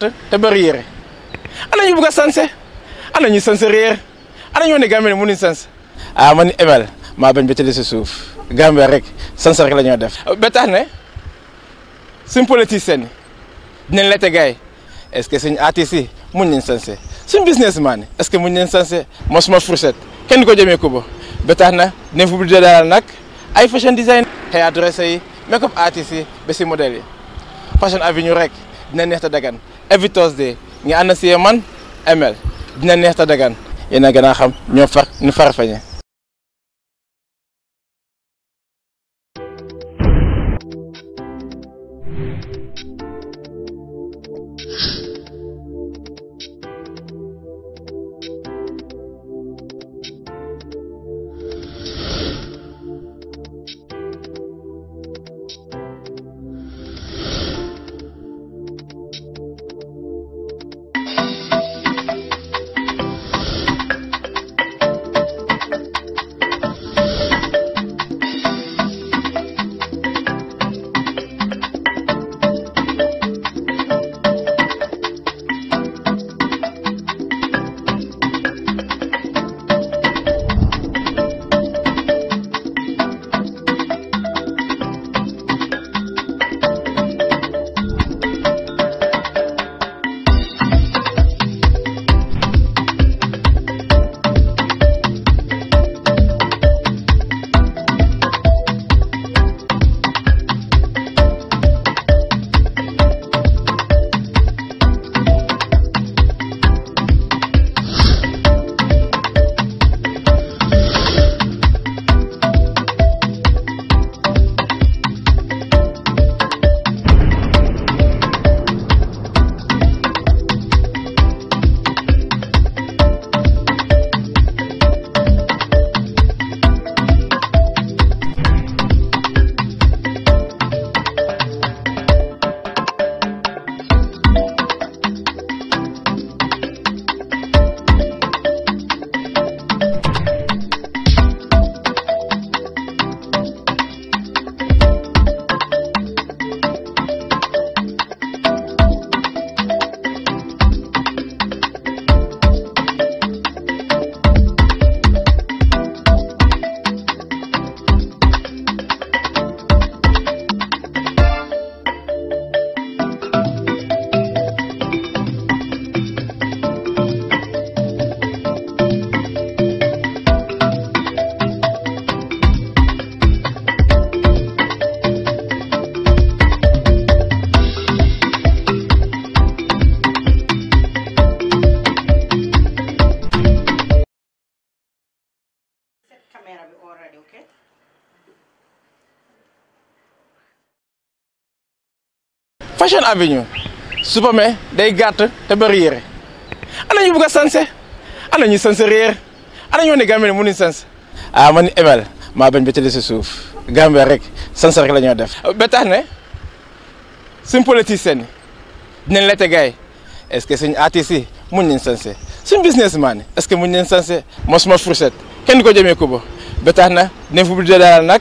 gàtt te bëri yére ana ñu bugg a sanse ana ñu sanse réer ana ñu ne Gambie mu ni sanse ah man Emel maa bañ ba tëdd si suuf Gambie rek sanse rek lañoo def ba tax ne suñ politicien dinañ la te gaay est-ce que suñ artiste yi muñ leen sanse suñ businessman est-ce que muñ leen sanse moo suma fourchette kenn ko jëmee kuba ba tax na fu budde daal nag ay fashion design hair dressers yi make up artistes yi ba si modèles yi fashion avenue rek dina neex te dagan every Thursday nga ànd see man ML dina neex ta dagan yéen a gën a xam ñoo far ñu fara fañe prochaine avenue amee day gàtt te bëri yére ana ñu bugg a sanse ana ñu sanse réer ana ñoo ne Gambie mënuñ sanse ah man maa bañ ba tëddee si suuf Gambie rek sanse rek la ñoo def. ba tax ne suñ politicien yi dinañ la tegaay est-ce que suñ artistes mun nañ sanse suñ businessman yi est-ce que mun nañ sanse moo ma fourchette kenn ko jëmee kubo ba tax na dinañ fa buddeelal nag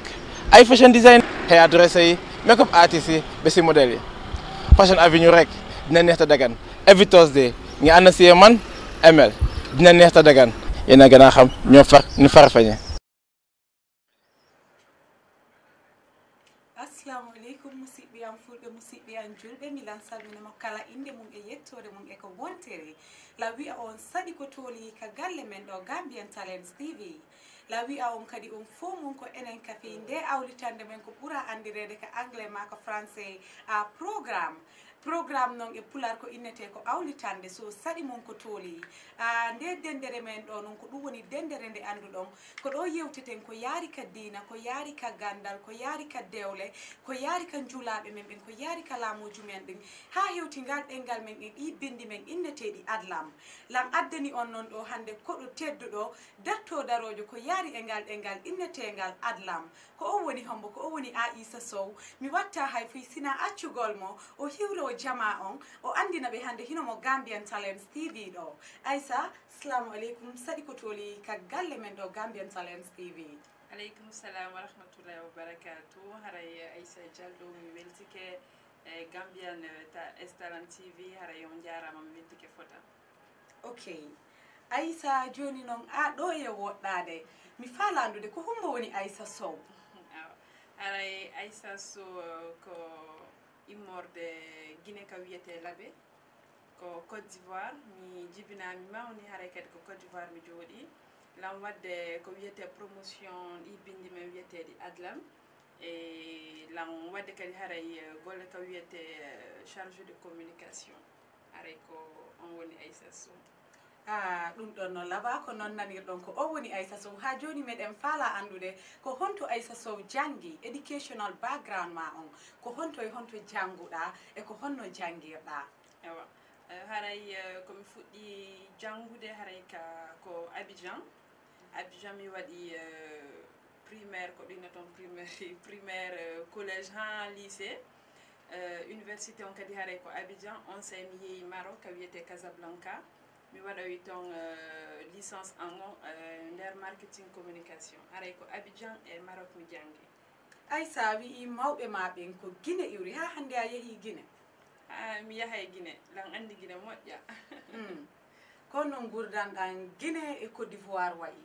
ay fashion design. xëy adressé yi make up artistes yi si modèles yi. passion avenue rek dina neexta dagan evitos de ngi ànd siye man ml dina neexta dagan yéen a gën a xam ñoo far ñu farfañe asalaamualeykum musidɓe am fulɓe musidɓe am julɓe mi lan salminama kala innde mum e yettore mum e ko wontere la wiya on saɗi ko tooli ka galle men ɗo gambien talent tv la wi'a on kadi on fo mum ko enen kafi nde awlitande men ko ɓuura andirede ko anglais ma ko français programme programme noon e pular ko innete ko awlitande so saɗi mon ko tooli ah, nde dendere men ɗo noon ko ɗum woni dendere nde annduɗon ko ɗo yewteten ko yaari ka diina ko yaari ka gandal ko yaari ka dewle ko yaari ka julaɓe men ɓen ko yaari ka laamuji men ɗin ha hewtingal ɗelngal men e ɗi ɗi bindi men inneteɗi adlam lam addani on noon ɗo hande koɗo tedduɗo datto darojo ko yaari e ngal ɗelngal innetengal adlam ko o woni hombo ko o woni a isa sow mi watta hay fo sina accugol mo o hiwloji jama on o andina ɓe hande hino mo gambian talents tv ɗo Aisa salamu aleykum saɗi ko tooli ka galle men ɗo gambian talents tv alaikum salam wa rahmatullahi wa barakatu haray aisa jaldo mi weltike e eh, gambian eh, stalan tv haray on jarama mi weltike fota ok aissa joni noon a ɗo e woɗɗade mi falandude ko humba woni aissa sow aray aissa sow ko immorde guinée ka l'Abbé. ko côte d'ivoire mi jibinamima woni hare kadi ko côte d'ivoire mi jooɗi lam wadde ko wiyete promotion i bindi men di adlam e lam wadde kadi hare golle ko wiyete e, chargé de communication haray ko on woni aissas a ɗum ɗon noon laba ko noon nanirɗon ko o woni aissa sow ha joni meɗen faala andude ko honto aissa sow janggi éducational background ma on ko honto e honto jannguɗa e ko honno jangguirɗa ewa eh, haray eh, komi fuɗɗi janngude haray ka ko abidjan abidjan mi waɗi eh, primaire ko ɗinna toon primaire primaire collège ha lycée université on kadi haray ko abidjan on say mi yeehi maroc ka wiyete casablanca mi waɗa wi ton euh, licence amon euh, nder marketing communication haray ko abidjan e marok mi jangi ay sa wii mawɓe ma ɓen ko guine iwri ha hande a yeehi guine a mi yahay guine lan andi guine moƴƴa hmm. ko noon gurdanɗan guine e côte d'ivoir wayi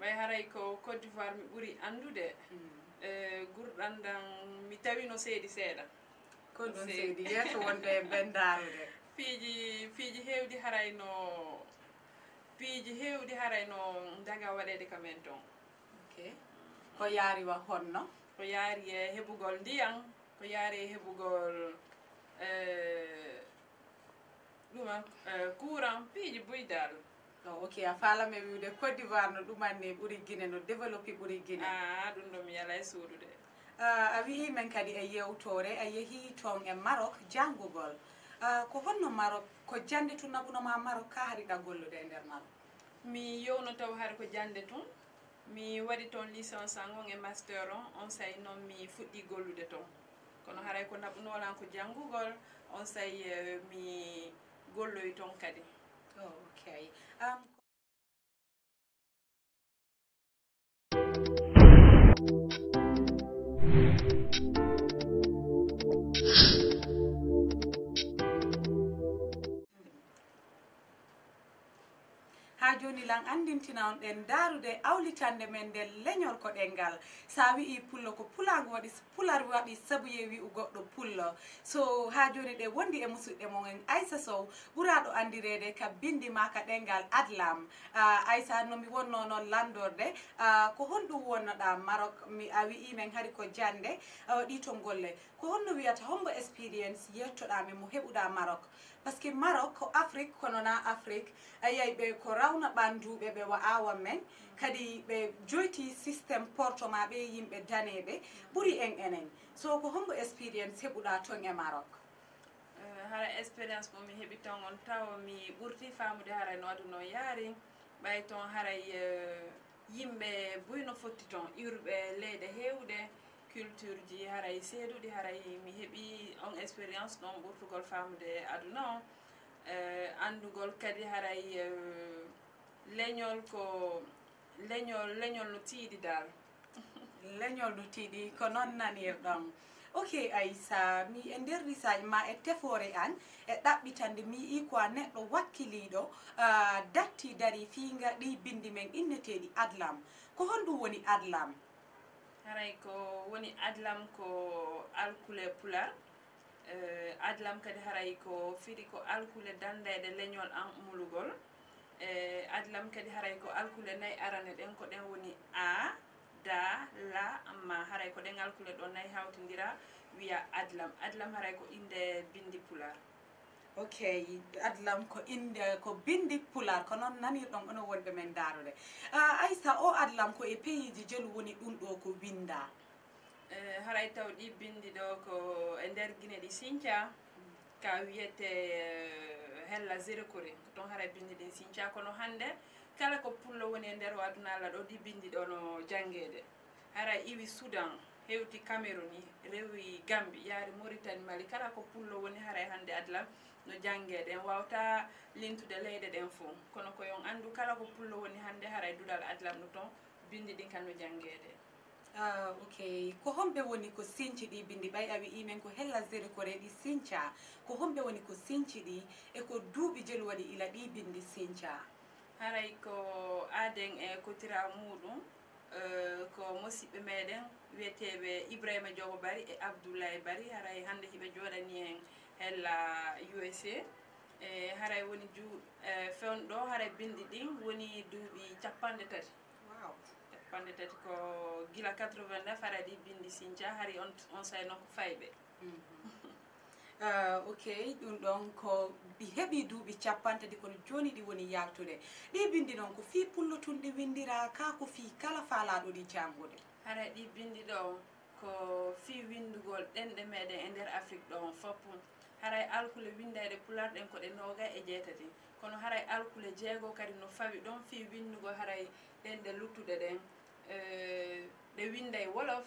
may haray ko côte d'ivoir mi ɓuuri andude hmm. e, gurɗanɗan mi tawino seedi seeɗa ko ɗon seedi yeeso wonde e bendaru de piiji piiji heewdi haray no piiji heewdi haray no daga waɗede ka men toon ok mm. ko yaariwa honno ko yaari e heɓugol ndiyan ko yaari e heɓugol e, ɗuma courant e, piiji buydal o ok a faalame wiwde côte d'ivoire no ɗuman ni ɓuri guine no développé ɓuri guine a ɗum ɗo mi yala e suudude a wihimen kadi e yewtore a yehi toon e marok jangugol Ah, ko honno marok ko jande tun nabunoma marok ka haariɗa gollude e nder marok mi yewno taw haari ko jande tun mi waɗi toon licence angon e master on on sayi noon mi fuɗɗi gollude toon kono haray ko naɓunolan ko janngugol on sayi eh, mi golloy toon kadi oh, ok um, tan andintina on ɗen darude awlitande men nde leñol koɗelngal sa wi'i pullo ko pulago waɗi pular waɗi saabu ye wi'u goɗɗo pullo so ha joni ɗe wondi e musidɗe mon aissa sow ɓuraɗo andirede ka bindi ma ka ɗelngal adlam aissa ah, nomi wonno noon landorde ah, ko honɗum wonnoɗa marok mi a wi'i men haari ko jande ah, ɗi to golle ko honno wiyata hombo expérience yettoɗa men mo heɓuɗa marok par ce que marok ko afrique kono na afrique a yiyay ɓe ko rawna ɓanduɓe ɓe wa'awan men mm. kadi ɓe joyti systéme porto ma ɓe yimɓe daneɓe ɓuuri en enen so ko hombo expérience heɓuɗa toon e marok eh, hara expérience bo mi heeɓi ton on taw mi ɓurti famude haray e no waɗuno yaari ɓay toon haray eh, yimɓe boyno fotti toon urɓe leyde hewde culture ji haray seeɗuɗi haray mi heeɓi on expérience ɗon ɓurtugol famde aduna o uh, andugol kadi haray uh, leñol ko leñol leñol no tiiɗi dal leñol no tiiɗi ko noon nanirɗon ok aissa mi e nder risaji ma e tefore an e ɗaɓɓitande mi yi ko a neɗɗo wakkiliɗo uh, eh, datti dari fiinga ɗi bindi men inneteɗi adlam ko honɗum woni adlam haray ko woni adlam ko alkule pular uh, adlam kadi haray ko fiiri ko alkule dandede leñol en mulugol e uh, adlam kadi haray ko alkule nayyi arane ɗen ko ɗen woni a da la ma haray ko ɗen alkule ɗo nayyi hawtidira wiya adlam adlam haray ko inde bindi pular ok adlam ko inde ko bindi pular ko noon nanirɗon ono wonɓe men darude aysa ah, o adlam ko e peyiji jelu woni ɗum ɗo ko winda eh, haray taw ɗi bindi ɗo ko e nder guine ɗi sintia ka wiyete eh, hella zirkouri ko toon haray bindi ɗin sintia kono hannde kala ko pullo woni e nder o aduna allah ɗo ɗi bindi ɗo no janngede haray iwi soudan hewti cameroni rewi gambi yaari maritani mali kala ko pullo woni haray hannde adlam no jangeɗen wawta lintude leyɗe ɗen fo kono koyon andu kala ko pullo woni hande hara e duɗal adlam no toon bindi ɗin kan no jangede Uh, ah, ok ko homɓe woni ko sinci ɗi bindi ɓay a wi'i men ko hella zéri koreɗi sinca ko homɓe woni ko sinci ɗi eko duuɓi jelu waɗi ila ɗi bindi sinca haray ko aaden e kotira muɗum uh, eh, ko mosiɓɓe meɗen wiyeteɓe ibrahima diobo bari e abdoulaye bari haray hande hiɓe jooɗani hen hella usa e haray woni ju fewnɗo haray bindi ɗin woni duuɓi capanɗe tati capanɗe tati ko gila 89 haray ɗi bindi sinthia hari on, on sayno ko fayɓe uh, ok dun ɗon ko ɗi heɓi duuɓi capantati kono joni ɗi woni yaltude ɗi bindi noon ko fi pullotunɗi windira ka ko fi kala falaɗo ɗi jangude haray ɗi bindi ɗo ko fi windugol ɗenɗe mede e nder afrique ɗon foppum haray alkule windede pularɗen ko ɗe noga e jeetati kono haray alkule jeego kadi no fawi ɗon fi windugo haray ɗen ɗe luttuɗe ɗen eh, ɗe winday wolof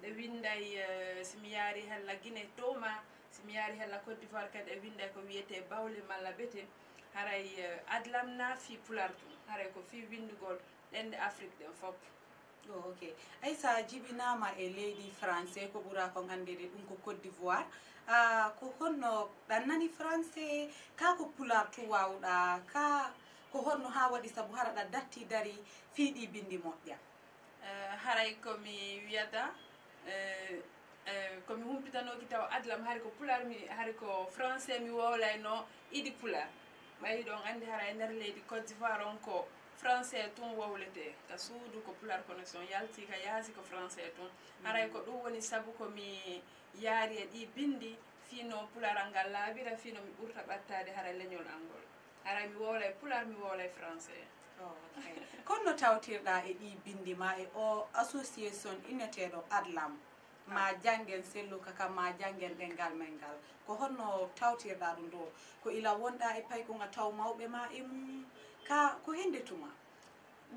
ɗe winday eh, simi yaari hella guine toma simi yaari hella côte d'ivoire kadi ɗe winday ko wiyete bawle malla bete haray eh, adlam naafi pular tum haray ko fi windugol ɗen ɗe afrique ɗen fop o oh, ok ay sa jibinama e leydi français ko ɓura ko gandede ɗum ko côte d'ivoire uh, ko honno ɗan nani français ka ko pular to wawɗa ka ko honno ha waɗi saabu haraɗa datti dari fiiɗi bindi moƴƴa uh, haray komi wiyata uh, uh, komi humpitanoki taw adlam hay ko pular mi hay ko français mi wowlayno iɗi pular ɓayiɗon andi haray e nder leydi côte d'ivoire on ko français tun wowlete ka suudu ko pular connexion yalti ka yaasi ko français tun aray ko ɗum woni sabu komi yaari e ɗi bindi fino pular angal laabira fino mi ɓurta ɓattade hara leñol angol aray mi wowla e pular mi wowla e français oh, ok kon no tawtirɗa e ɗi bindi ma e o association inneteɗo adlam ah. ma janguen selluka kam ma janguen ɗengal men ngal ko honno tawtirɗa ɗum ɗo ko ila wonɗa e paykoga taw mawɓe ma e mum ka ko hende tuma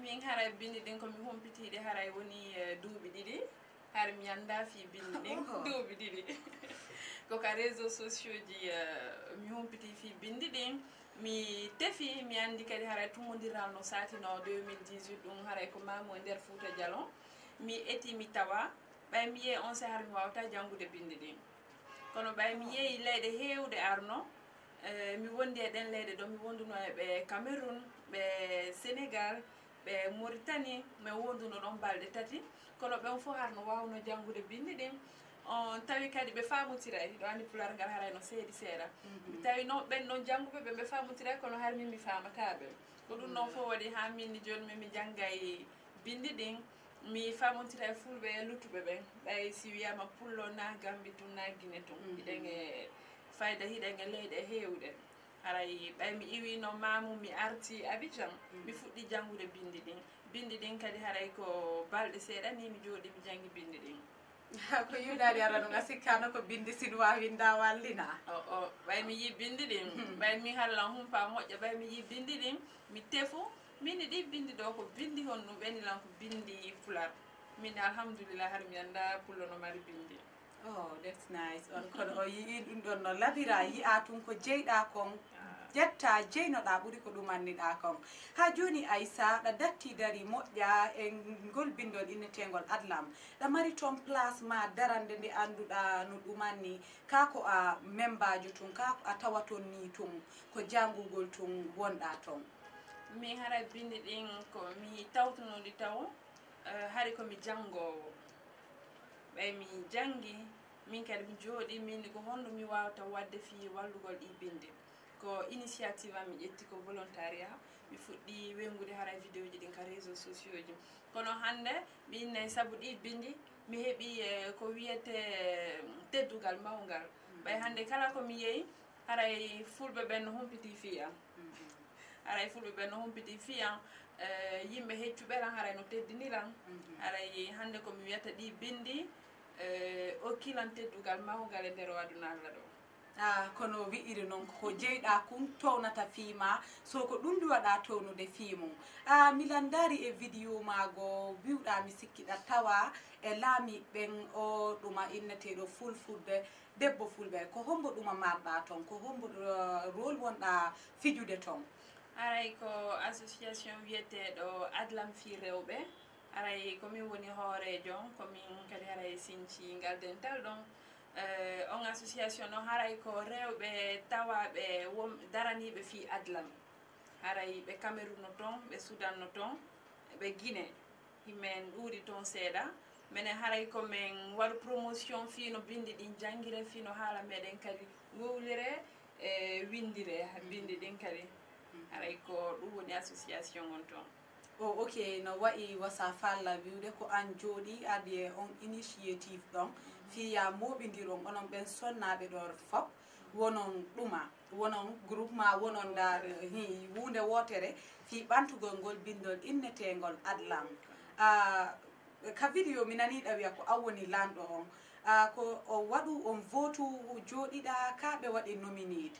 min hara bindi ɗin komi humpitiɗe haray woni e, duuɓi ɗiɗi har mi anda fi bindi ɗin duuɓi ɗiɗi koka réseau sociaux ji e, mi humpiti fi bindi ɗin mi tefi mi andi kadi haray tumodirranno satino 2018 ɗum haray ko mami e nder fouta dialon mi eti mi tawa ɓay mi yeey on sahar mi wawata janggude bindi ɗin kono ɓay mi yeeyi leyɗe heewde arno e, mi wondi e ɗen leyɗe ɗo mi wonduno eɓe cameroun ɓe sénégal ɓe mauritani ma wonduno ɗon balɗe tati kono ɓen fo harno wawno janngude bindi ɗin on tawi kadi ɓe famotiray ɗo anndi pular ngal haray no seedi seeɗa mi mhm. tawi noon ɓen ɗon jangguɓe ɓe ɓe famotiray kono har min mi famataɓe ko ɗum noon fof waɗi ha minni joni min mi janngay bindi ɗin mi famotiray fulɓe e luttuɓe ɓen ɓay si wiyama pullo na gambi tun na guine tun mhm. hiɗen e fayda hiɗen e leyɗe e hewɗe aray ɓay mi iwino mamu mi arti abidjan mm. mi fuɗɗi janngude bindi ɗin bindi ɗin kadi haray ko balɗe seeɗa ni mi jooɗi mi jangi bindi ɗin ko yiwɗaɗi ara ɗum a sikkano ko bindi sinwa winda wallina o o ɓay mi yi bindi ɗin hmm. ɓay mi halla humpa moƴƴa ɓay mi yi bindi ɗin mi tefu mini ɗi bindi ɗo ko bindi hon ɗum ɓeni lan ko bindi pular min alhamdulillah har mi anda pullo no mari bindi o oh, that's nice on kono o yii ɗum ɗon no labira yi'a tun ko jeyɗa kon jetta jeynoɗa ɓuuri ko ɗumanniɗa kam ha joni aissa ɗa datti dari moƴƴa e golbindol innetegol adlam ɗa mari ton place ma darande nde anduɗa no ɗumanni ka ko a membajo tun ka a tawa ton ni tun ko jangugol tun wonɗa ton min hara bindi ɗin komi tawtunoɗi taw e, haari komi jangowo ɓay mi jangi min kadi mi jooɗi minni ko honɗo mi wawata wadde fi wallugol ɗi bindi ko initiative am mi ƴetti ko volontariat mi fuɗɗi wengude hara vidéo ji ɗin ka réseau sociaux ji kono hannde mi innayi saabu ɗi bindi mi heɓi e ko wiyete e, teddugal mawngal mm. ɓay hannde kala komi yeeyi haray fulɓe ɓen no humpiti fiyan mm-hmm. haray fulɓe ɓen no humpiti fiyan e, yimɓe heccuɓe ran haray no teddiniran mm-hmm. haray hannde komi wiyata ɗi bindi e, okkilan teddugal mawngal e nder wadunallah ɗo Ah, kono wi'iri noon ko jeyɗa kum townata fiima so ko ɗum ɗi waɗa townude fiimum ah, milandari e vidéo maago biwɗami sikkiɗa tawa e laami ɓen o ɗuma inneteɗo fulfulde debbo fulɓe ko hombo ɗuma marɗa toon ko hombo uh, role wonɗa fijude toon aray ko association wiyeteɗo adlam fi rewɓe aray komin woni hoorejo komin kadi aray e sinthi ngalden tal ɗon Eh, on association noon haray ko rewɓe tawaɓe wom daraniɓe fi adlan haray ɓe cameruno toon ɓe sudan no toon ɓe guine himen ɗuuri toon seeɗa minen haray komin waɗu promotion fino bindi ɗin jangguire fino haala meɗen kadi gowlire e windire bindi ɗin kadi haray ko ɗum woni association on toon o oh, ok no wayi wasa falla wiwde ko an jooɗi adi e on initiative ɗon mm -hmm. fiya moɓidiron onon ɓen sonnaɓe ɗo fop wonon ɗuma wonon groupe ma wonon da hunde wotere fi ɓantugol ngol bindol innetegol adlam ka vidéo mi naniɗa wiya ko awoni lanɗo on ko o waɗu on votu joɗiɗa ka ɓe waɗi nominide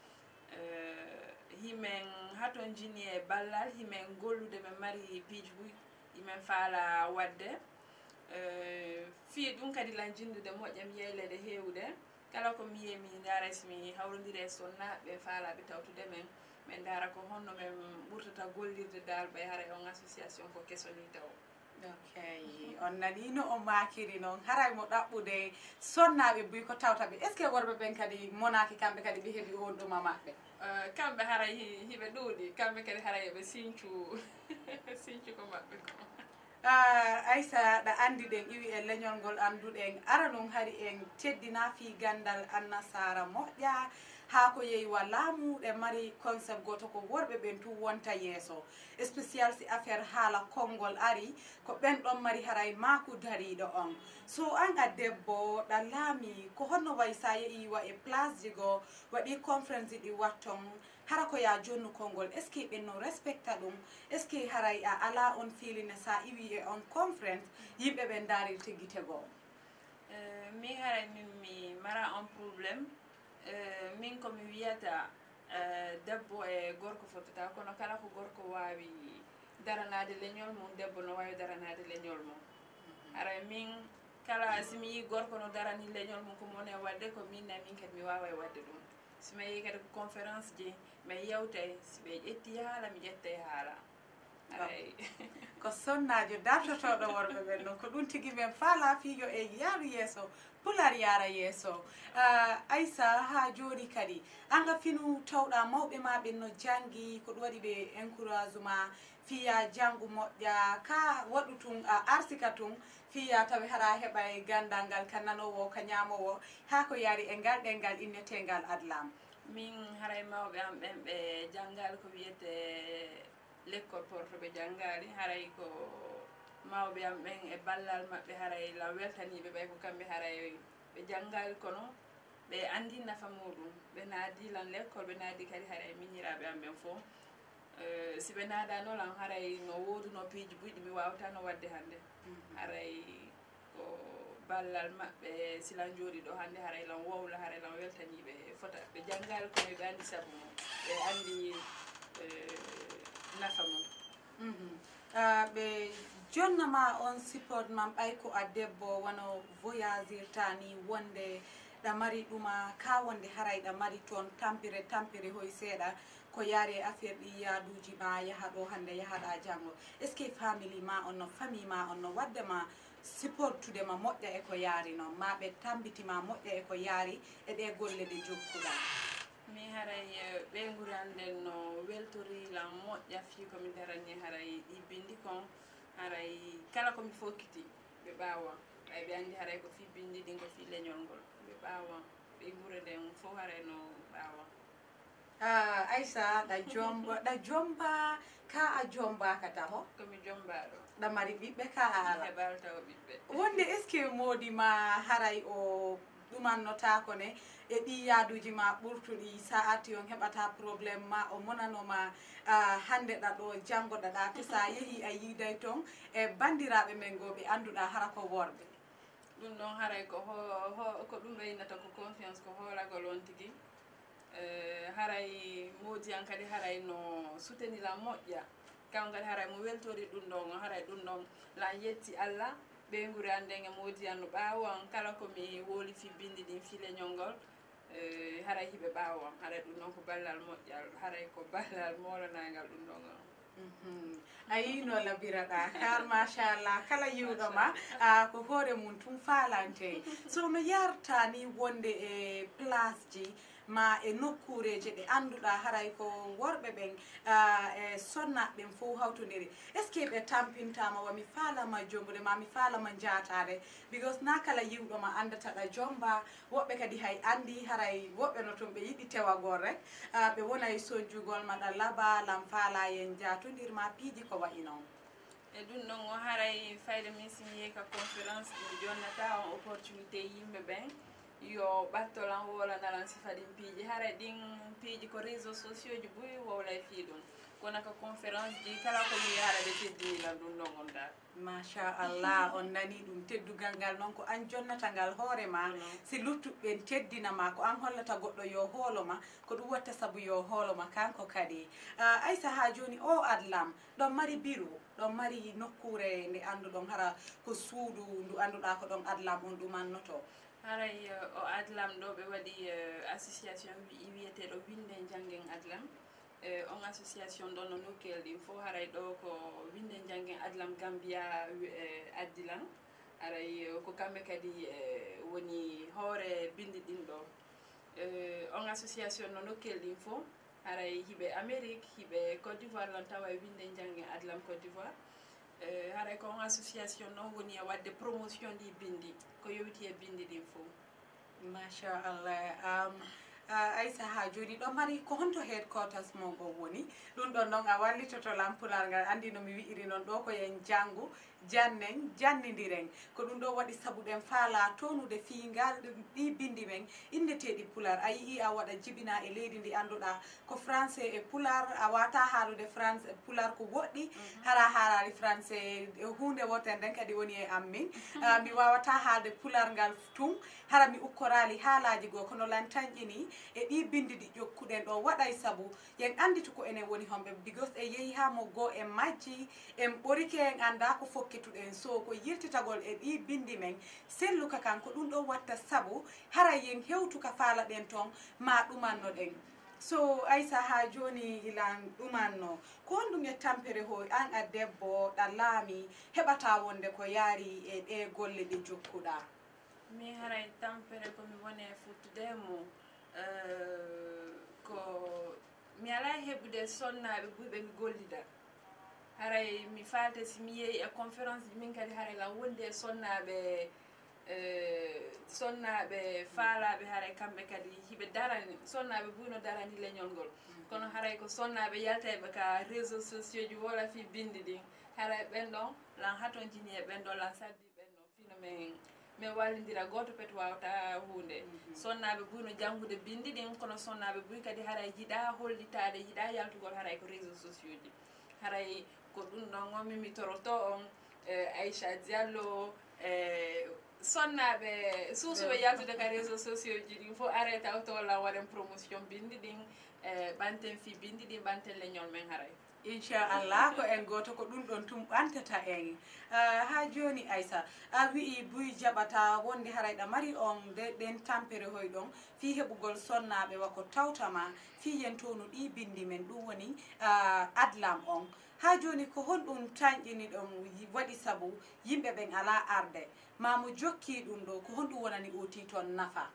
Eh, himen haton jini e ballal himen gollude ɓe mari piiji buy imen faala wadde eh, fii ɗum kadi lan jindude moƴƴam yeylede heewde kala ko mi yiyemi daraysi mi hawrodiri e sonnaɓe faalaɓe tawtude men min dara ko honno min ɓurtata gollirde dal ɓay hara e on association ko kesoni taw on nani no o makiri noon haray mo ɗaɓɓude sonnaɓe buy ko tawta ɓe est ce que worɓe ɓen kadi monaki kamɓe kadi ɓe heeɓi on ɗuma e maɓɓe kamɓe haray hiɓe ɗuuɗi kamɓe kadi haray eɓe sincu sincu ko maɓɓe ko aysa ɗa andi ɗen iwi e leñol ngol anduɗen ara noon hari en teddina fi gandal annasara moƴƴa haa ko yehi walaa muuɗe mari concept gooto ko worɓe ɓen tu wonta yeeso spécial si affaire haala konngol ari ko ɓen ɗon mari haray maaku dariiɗo on so an a debbo ɗa laami ko honno way sa yehi wa e place ji goo waɗi conférence ji ɗi watton hara ko yaa jonnu konngol est ce que ɓen no respecta ɗum est ce que haray a alaa on filine sa iwi e on conférence yimɓe ɓen ndaarir tigi te goo eh, min haray min mi mara on probléme Eh, min komi wiyata eh, debbo e gorko fotata kono kala ko gorko wawi daranade leñol mum debbo no wawi daranade leñol mum mhm. ara min kala simi yi gorko no darani leñol mum ko moni wadde ko minna min kadi mi wawa wadde ɗum simi yi kadi ko conférence je mi yewtay siɓe ƴetti haala mi ƴettay haala ko sonnajo dartotoɗo worɓe ɓen noon ko ɗum tigui men fala fijo e yaaru yesso pular yara yesso uh, ah, aissa ha jooɗi kadi anga finu tawɗa mawɓe ma ɓen no janggi ko ɗum waɗi ɓe encourage ma fiya janggo moƴƴa ka waɗu tun a uh, arsika tun fiya tawi haɗa heɓa e gandal ngal ka nanowo ka ñamowo ha ko yaari e ngalɗel ngal innetegal adlam min haaray mawɓe am ɓen ɓe janggal ko wiyete lekkol portoɓe janngari haray ko mawɓe am ɓen e ballal maɓɓe haray law weltaniɓe ɓay ko kamɓe haray ɓe janngari kono ɓe anndi nafa muɗum ɓe naadi lan lekkol ɓe naadi kadi haray miñiraɓe am ɓen fof eh, si ɓe naadano lan haray no wooduno piiji buyɗi mi wawtano wadde hannde mhm. haray ko ballal maɓɓe silan jooɗi ɗo hannde haray lan wowla haray lan weltaniɓe fota ɓe janngari kono ɓe anndi sabu ɓe anndi Ah, ɓe jonnama on support mam ɓay ko a debbo wono voyagirta ni wonde ɗa mari ɗuma ka wonde haray ɗa mari toon tampire tampire hoy seeɗa ko yaare affaire ɗi yaaduji ma yaha ɗo hande yahaɗa janggo est ce que famili ma on no famille ma on no waddema supportude ma moƴƴa e ko yaari noon ma ɓe tambitima moƴƴa e ko yaari e ɗe golle ɗe jokkuɗa mi haray eh, ɓeyguranden no weltorilan moƴƴa fii komi darani haray ɗibbindi kon haray kala komi fokkiti ɓe ɓawa ay ɓe andi haray ko fii bindi ɗin ko fii leñol ngol ɓe ɓawa ɓeygure nden fof haray no ɓawa Uh, ah, aissa ɗa jomba ɗa jomba ka a jombaka taho komi jombaɗo ɗa mari ɓiɓɓe ka aalaɓaltaw ɓiɓɓe wonde est ce que moodi ma haray o ɗumannotako ne e ɗi yaaduji ma ɓurtuɗi saa arti on heɓata probléme ma o monanoma hande ɗa ɗo janngo ɗaɗa to sa yehi a yiiday toon e bandiraɓe men goo ɓe annduɗa hara ko worɓe ɗum ɗon haray ko ko ɗum reynata ko confiance ko hooragol on tigi e, haray moji an kadi haray no soutenila moƴƴa kam kadi haray mo weltori ɗum ɗon o haray ɗum ɗon lan yetti allah ɓeyguri an nden e moodi an no ɓaawo an kala komi wooli fibbindi ɗin file ñolngol Eh, haray hiɓe ɓawam haray ɗum noon ko ballal moƴƴal haray ko ballal molanagal ɗum ɗon mhm. a yino labirata kar machallah kala yiwɗoma ko hoore mum tum falante so no yarta ni wonde e place ji ma e nokkureje ɓe annduɗa haray ko worɓe ɓen e sonnaɓe ɓen fo hawtodiri est ce que ɓe tampintama wa mi faalama jombude ma mi faalama jaatare because na kala yiwɗoma anndataɗa jomba woɓɓe kadi hay anndi haray woɓɓe no toon ɓe yiɗi tewagol rek ɓe wonay e sojjugol maɗa labalam faala en jaatodirma piiji ko wayi noon e ɗum ɗon o haray fayde min sin yeyka conférence ɗi jonnata on opportunité yimɓe ɓen yo ɓattolan wolanalan sifaɗin piiji hara ɗin piiji ko réseau sociau ji boyi wawla fiiɗum kono ko conférence ji kala ko mi hara ɓe teddinilan ɗum ɗogonda machallah on nani ɗum teddugal ngal noon ko an jonnata ngal hoore ma mm. si luttuɓɓen teddinama ko an hollata goɗɗo yo hoolama ko ɗum watta saabu yo hoolama kanko kadi aysa ha joni o adlam ɗon mari biro ɗon mari nokkure nde anduɗon hara ko suudu ndu annduɗa ko ɗon adlam on ɗumannoto haray eh, o adlam ɗo ɓe waɗi eh, association wiyeteɗo winde jangen adlam eh, on association ɗo no nokkel ɗin fo haray ɗo ko winde jangen adlam gambia addilan aray ko kamɓe kadi woni hoore bindi ɗin ɗo on association no nokkel ɗin fo haray hiɓe amérique hiɓe côte d'ivoire lan tawa e winde jangen adlam côte d'ivoire E, haray ko on association noon woni e wadde promotion ɗi bindi ko yewiti e bindi ɗin fo machallah um, uh, ah, aysa ha joni ɗo mari ko honto heed kotas mongo woni ɗum ɗon noon a wallitoto lampulal ngal andi nomi wi iri noon ɗo koyen janggo jannen jannidiren ko ɗum ɗo waɗi saabu ɗen faala townude fiingal ɗi bindi men inneteɗi pular a yii a waɗa jibina e leydi ndi annduɗa ko français e pular a wata haalude franc pular ko woɗɗi mhm. hara haarari français e hunde woten nden kadi woni e ammin mhm. ah, mi wawata haalde pular ngal tun hara mi ukkorali haalaji goo kono lan tañƴini e ɗi bindi ɗi ƴokkuɗen ɗo waɗay saabu yen anditu ko enen woni homɓe bigos e yeehi ha mo goo en majji en ɓorike en anda ko fof hokketuɗen so ko yirtitagol e ɗi bindi men selluka kan ko ɗum ɗon watta saabu haray yen hewtuka faala ɗen toon ma ɗumanno ɗen so aysa ha joni ilan ɗumanno ko on ɗum e tampere ho an a debbo ɗan laami heɓata wonde ko yaari e ɗe golle ɗi jokkuɗa mi haray e tampere komi woni e futtudemo eh, ko mi ala heɓude sonnaɓe ɓuyɓe mi gollida haray mi falte si mi yeehi e conférence ji min kadi haray lan wondi e sonnaɓe sonnaɓe faalaɓe haray e kamɓe kadi hiɓe darani sonnaɓe buyno darani leñol ngol mm. kono haray ko sonnaɓe yalteɓe ka réseau sociau ji wola fi bindi ɗin haray ɓen ɗon lan haton jini e ɓen ɗon lan saddi e ɓen ɗon fino min min wallidira goto peto wawata hunde mm-hmm. sonnaɓe buyno janggude bindi ɗin kono sonnaɓe buy kadi haray jiiɗa hollitade jiiɗa yaltugol haray ko réseau sociau ji haray ko ɗum ɗonomi mi toroto on e, aicha diallo e, sonnaɓe suusuɓe yaltude ka réseau sociaux ji ɗin fof arrêté awtolla waɗen promotion bindi ɗin e, ɓanten fi bindi ɗin ɓanten leñol men haray inchallah ko en goto ko ɗum ɗon tum ɓantata en ah, ha joni aysa a wi'i buy jaɓata wonde harayɗa mari on de ɗen tampere hoy ɗon fi heɓugol sonnaɓe wa ko tawtama fi yen townu ɗi bindi men ɗum woni ah, adlam on ha joni ko hon ɗum tañƴini ɗon waɗi saabu yimɓe ɓen ala arde mamo jokki ɗum ɗo ko honɗum wonani oti toon nafa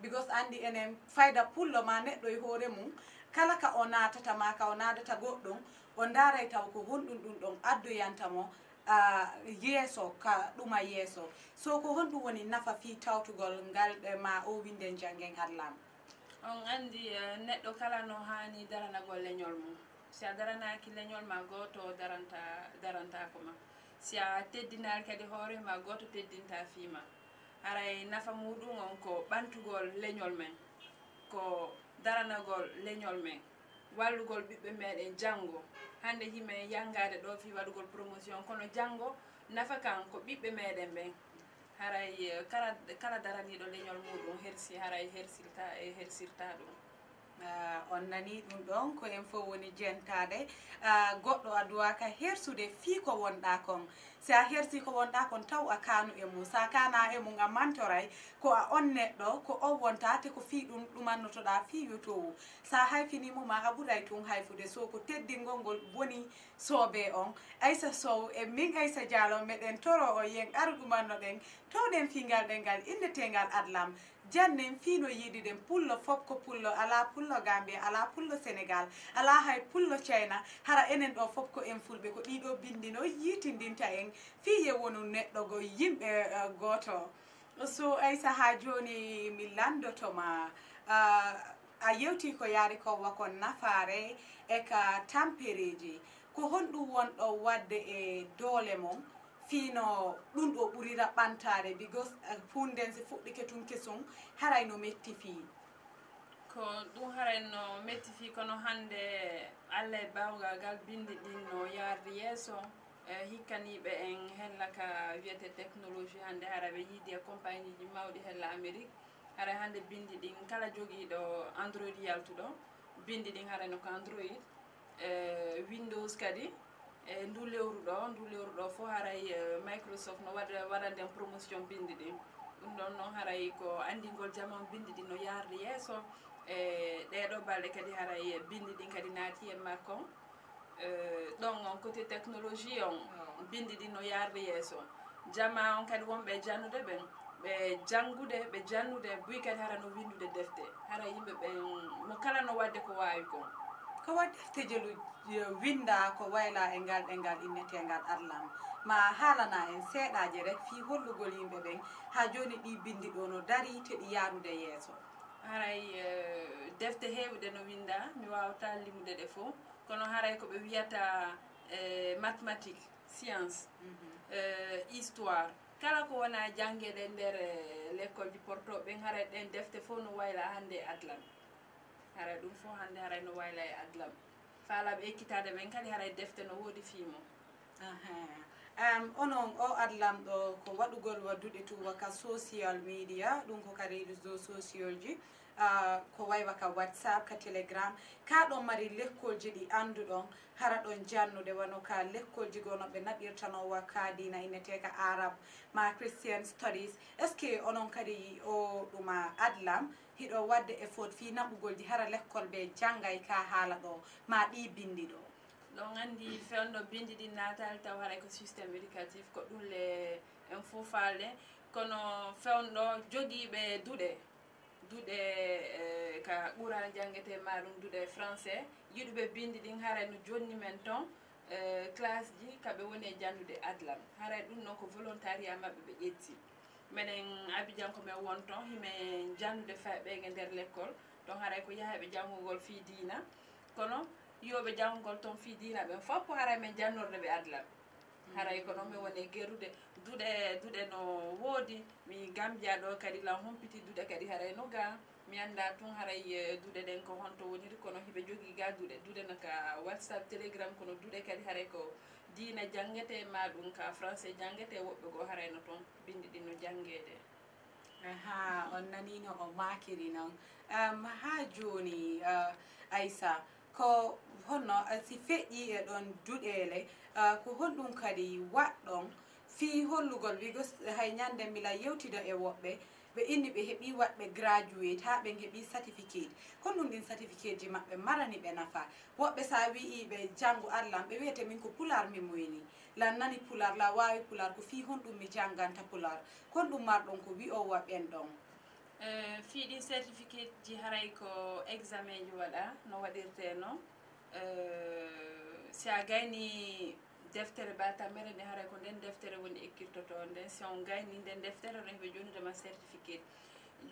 because andi enen fayda pullo ma neɗɗo e hoore mum kala ka o natata ma ka o nadata goɗɗum o ndaaray taw ko honɗum ɗum ɗon addoyanta mo yeeso ka ɗuma yeeso so ko honɗum woni nafa fii tawtugol ngal e ma o winden jangen hallama on anndi e, neɗɗo kala no haani daranagol leñol mum si a daranaaki leñol ma gooto daranta darantaako ma si a teddinaali kadi hoore ma gooto teddinta fiima aray nafa muɗum on ko ɓantugol leñol men ko daranagol leñol men wallugol ɓiɓɓe meɗen janngo hannde yimɓe yangade ɗo fi waɗugol promotion kono janngo nafa kan ko ɓiɓɓe meɗen ɓen haray eh, kala kala daraniɗo leñol muɗum hersi haray hersirta e hersirta ɗum Ah, on nani ɗum ɗon ko en fof woni jentade ah, goɗɗo a duwaka hersude fii ko wonɗa kon si a hersi ko wonɗa kon taw a kanu e mum sa kana e mum a mantoray ko a on neɗɗo ko o wonta te ko fii ɗum ɗumannotoɗa fii yotowu sa hayfinimo ma a ɓuray tun hayfude so ko teddingol ngol woni soobe on aysa sow e min aysa dialo meɗen toro o yen aru ɗumannoɗen towɗen fingal ɗe ngal innetegal adlame jannen fiino yiiɗiɗen pullo fof ko pullo ala pullo gambia ala pullo sénégal ala hay pullo china hara enen ɗo fof ko en fulɓe ko ɗiɗo bindino yiitidinta en fi ye wonu neɗɗo go yimɓe uh, gooto so aysa ha joni mi landotoma uh, a yewti ko yaari ko wako nafare e ka tampereji ko honɗum wonɗo wadde e doole mon fino ɗum ɗo ɓuri raɓɓantare because eh, hunden so fuɗɗi ketum kesum haray no metti fii ko ɗum haray no metti fii kono hannde allah e bawgal ngal bindi ɗin no yardi yeeso eh, hikkaniɓe en hella ka wiyete technologie hannde hara ɓe yiidi e compagnie ji mawɗi hella amérique hara hannde bindi ɗin kala jogiiɗo android yaltuɗo bindi ɗin hara no ko android eh, windows kadi e ndu lewru ɗo ndu lewru ɗo fo haray e, microsoft no waɗa waɗa nden promotion bindi ɗin ɗum ɗon noon haray ko andingol jamam bindi ɗin no yarde yesso e ɗeɗo balɗe kadi haray e, bindi ɗin kadi naati e makkon e, ɗon on côté technologie on bindi ɗin no yarde yesso jama on kadi wonɓe jannude ɓen ɓe jangude ɓe jannude buy kadi hara no windude defte haray yimɓe ɓen mo kala no wadde ko wawi kon ko wa defte jelu winda ko wayla e ngal ɗengal innetegal allam ma haalana en seeɗaje rek fi hollugol yimɓe ɓen ha joni ɗi bindi ɗo no dari te ɗi yaarude yeeso haray e, defte heewɗe no winda mi wawata limude ɗe fo kono haray koɓe wiyata e, mathematique science mhm. e, histoire kala ko wona jangueɗe nder l'école du portoɓe ɓen haray ɗen defte fo no wayla hande e adlan haray ɗum fof hannde haray no wayla e adlam faalaɓe ekkitade men kadi haray defte no woodi fiimo um onon o adlam ɗo ko waɗugol wadduɗe tuwaka social media ɗum ko ka réseau social ji uh, ko waywa ka whatsapp ka télégram ka ɗon mari lekkolji ɗi annduɗon hara ɗon jannude wano ka lekkolji gono ɓe naɓirtanowa ka dina inneteka arab ma christian studies est ce que onon kadi o ɗuma adlam hiɗo wadde e fot fi naɓugol ji hara lekkol ɓe janggay ka haala ɗo ma ɗi bindi ɗo ɗon andi fewɗo bindi ɗi natal taw haray ko systéme éducatif ko ɗumle en fofalde kono fewɗo jogiɓe duuɗe duuɗe eh, ka ɓuural janggete ma ɗum duuɗe français yiɗuɓe bindi ɗin haray no jonni men ton eh, classe ji kaɓe woni e jandude adlam haray ɗum noon ko volontariat mabɓe ɓe ƴetti minen abidjankome won ton hime jandude faɓeɓeege nder l' école donc haray ko yahaɓe janngugol fi dina kono yoɓe janngugol toon fi dina ɓen fopp haray min jannorde ɓe adlam hmm. haray ko noon mi woni e gerude duɗe duɗe no woodi mi gambiya ɗo kadi lan humpiti duɗe kadi haray no ga mi annda tun haray e, duɗe ɗen ko honto woniri kono hiɓe jogui ga duɗe duɗe no ka whatsapp télégramme kono duɗe kadi haray ko diina jangete ma ɗum ka français jangete woɓɓe goo harayno toon bindi ɗin no jangede aha on nanino o makiri noon um, ha joni uh, aissa ko honno uh, si feƴƴi e ɗon duɗele uh, ko honɗum kadi waɗɗon fii hollugol wigo hay ñande mbila yewtida e woɓɓe ɓe inni ɓe heɓi waɗɓe graduate ha ɓe heɓi certificate honɗum ɗin certificate ji maɓɓe marani ɓe nafa woɓɓe sa wi'i ɓe janngo allahm ɓe wiyete min ko pular mi moyni lan nani pular la wawi pular ko fi honɗum mi jangganta pular honɗum marɗon ko wi owa ɓen ɗon e, fi ɗin certificate ji haray ko examen ji waɗa no waɗirte no e, si a gayni deftere batamere nde hara ko nden deftere woni ekkirtoto nden si on gayni nden deftere ɗo heɓe jonudema certificat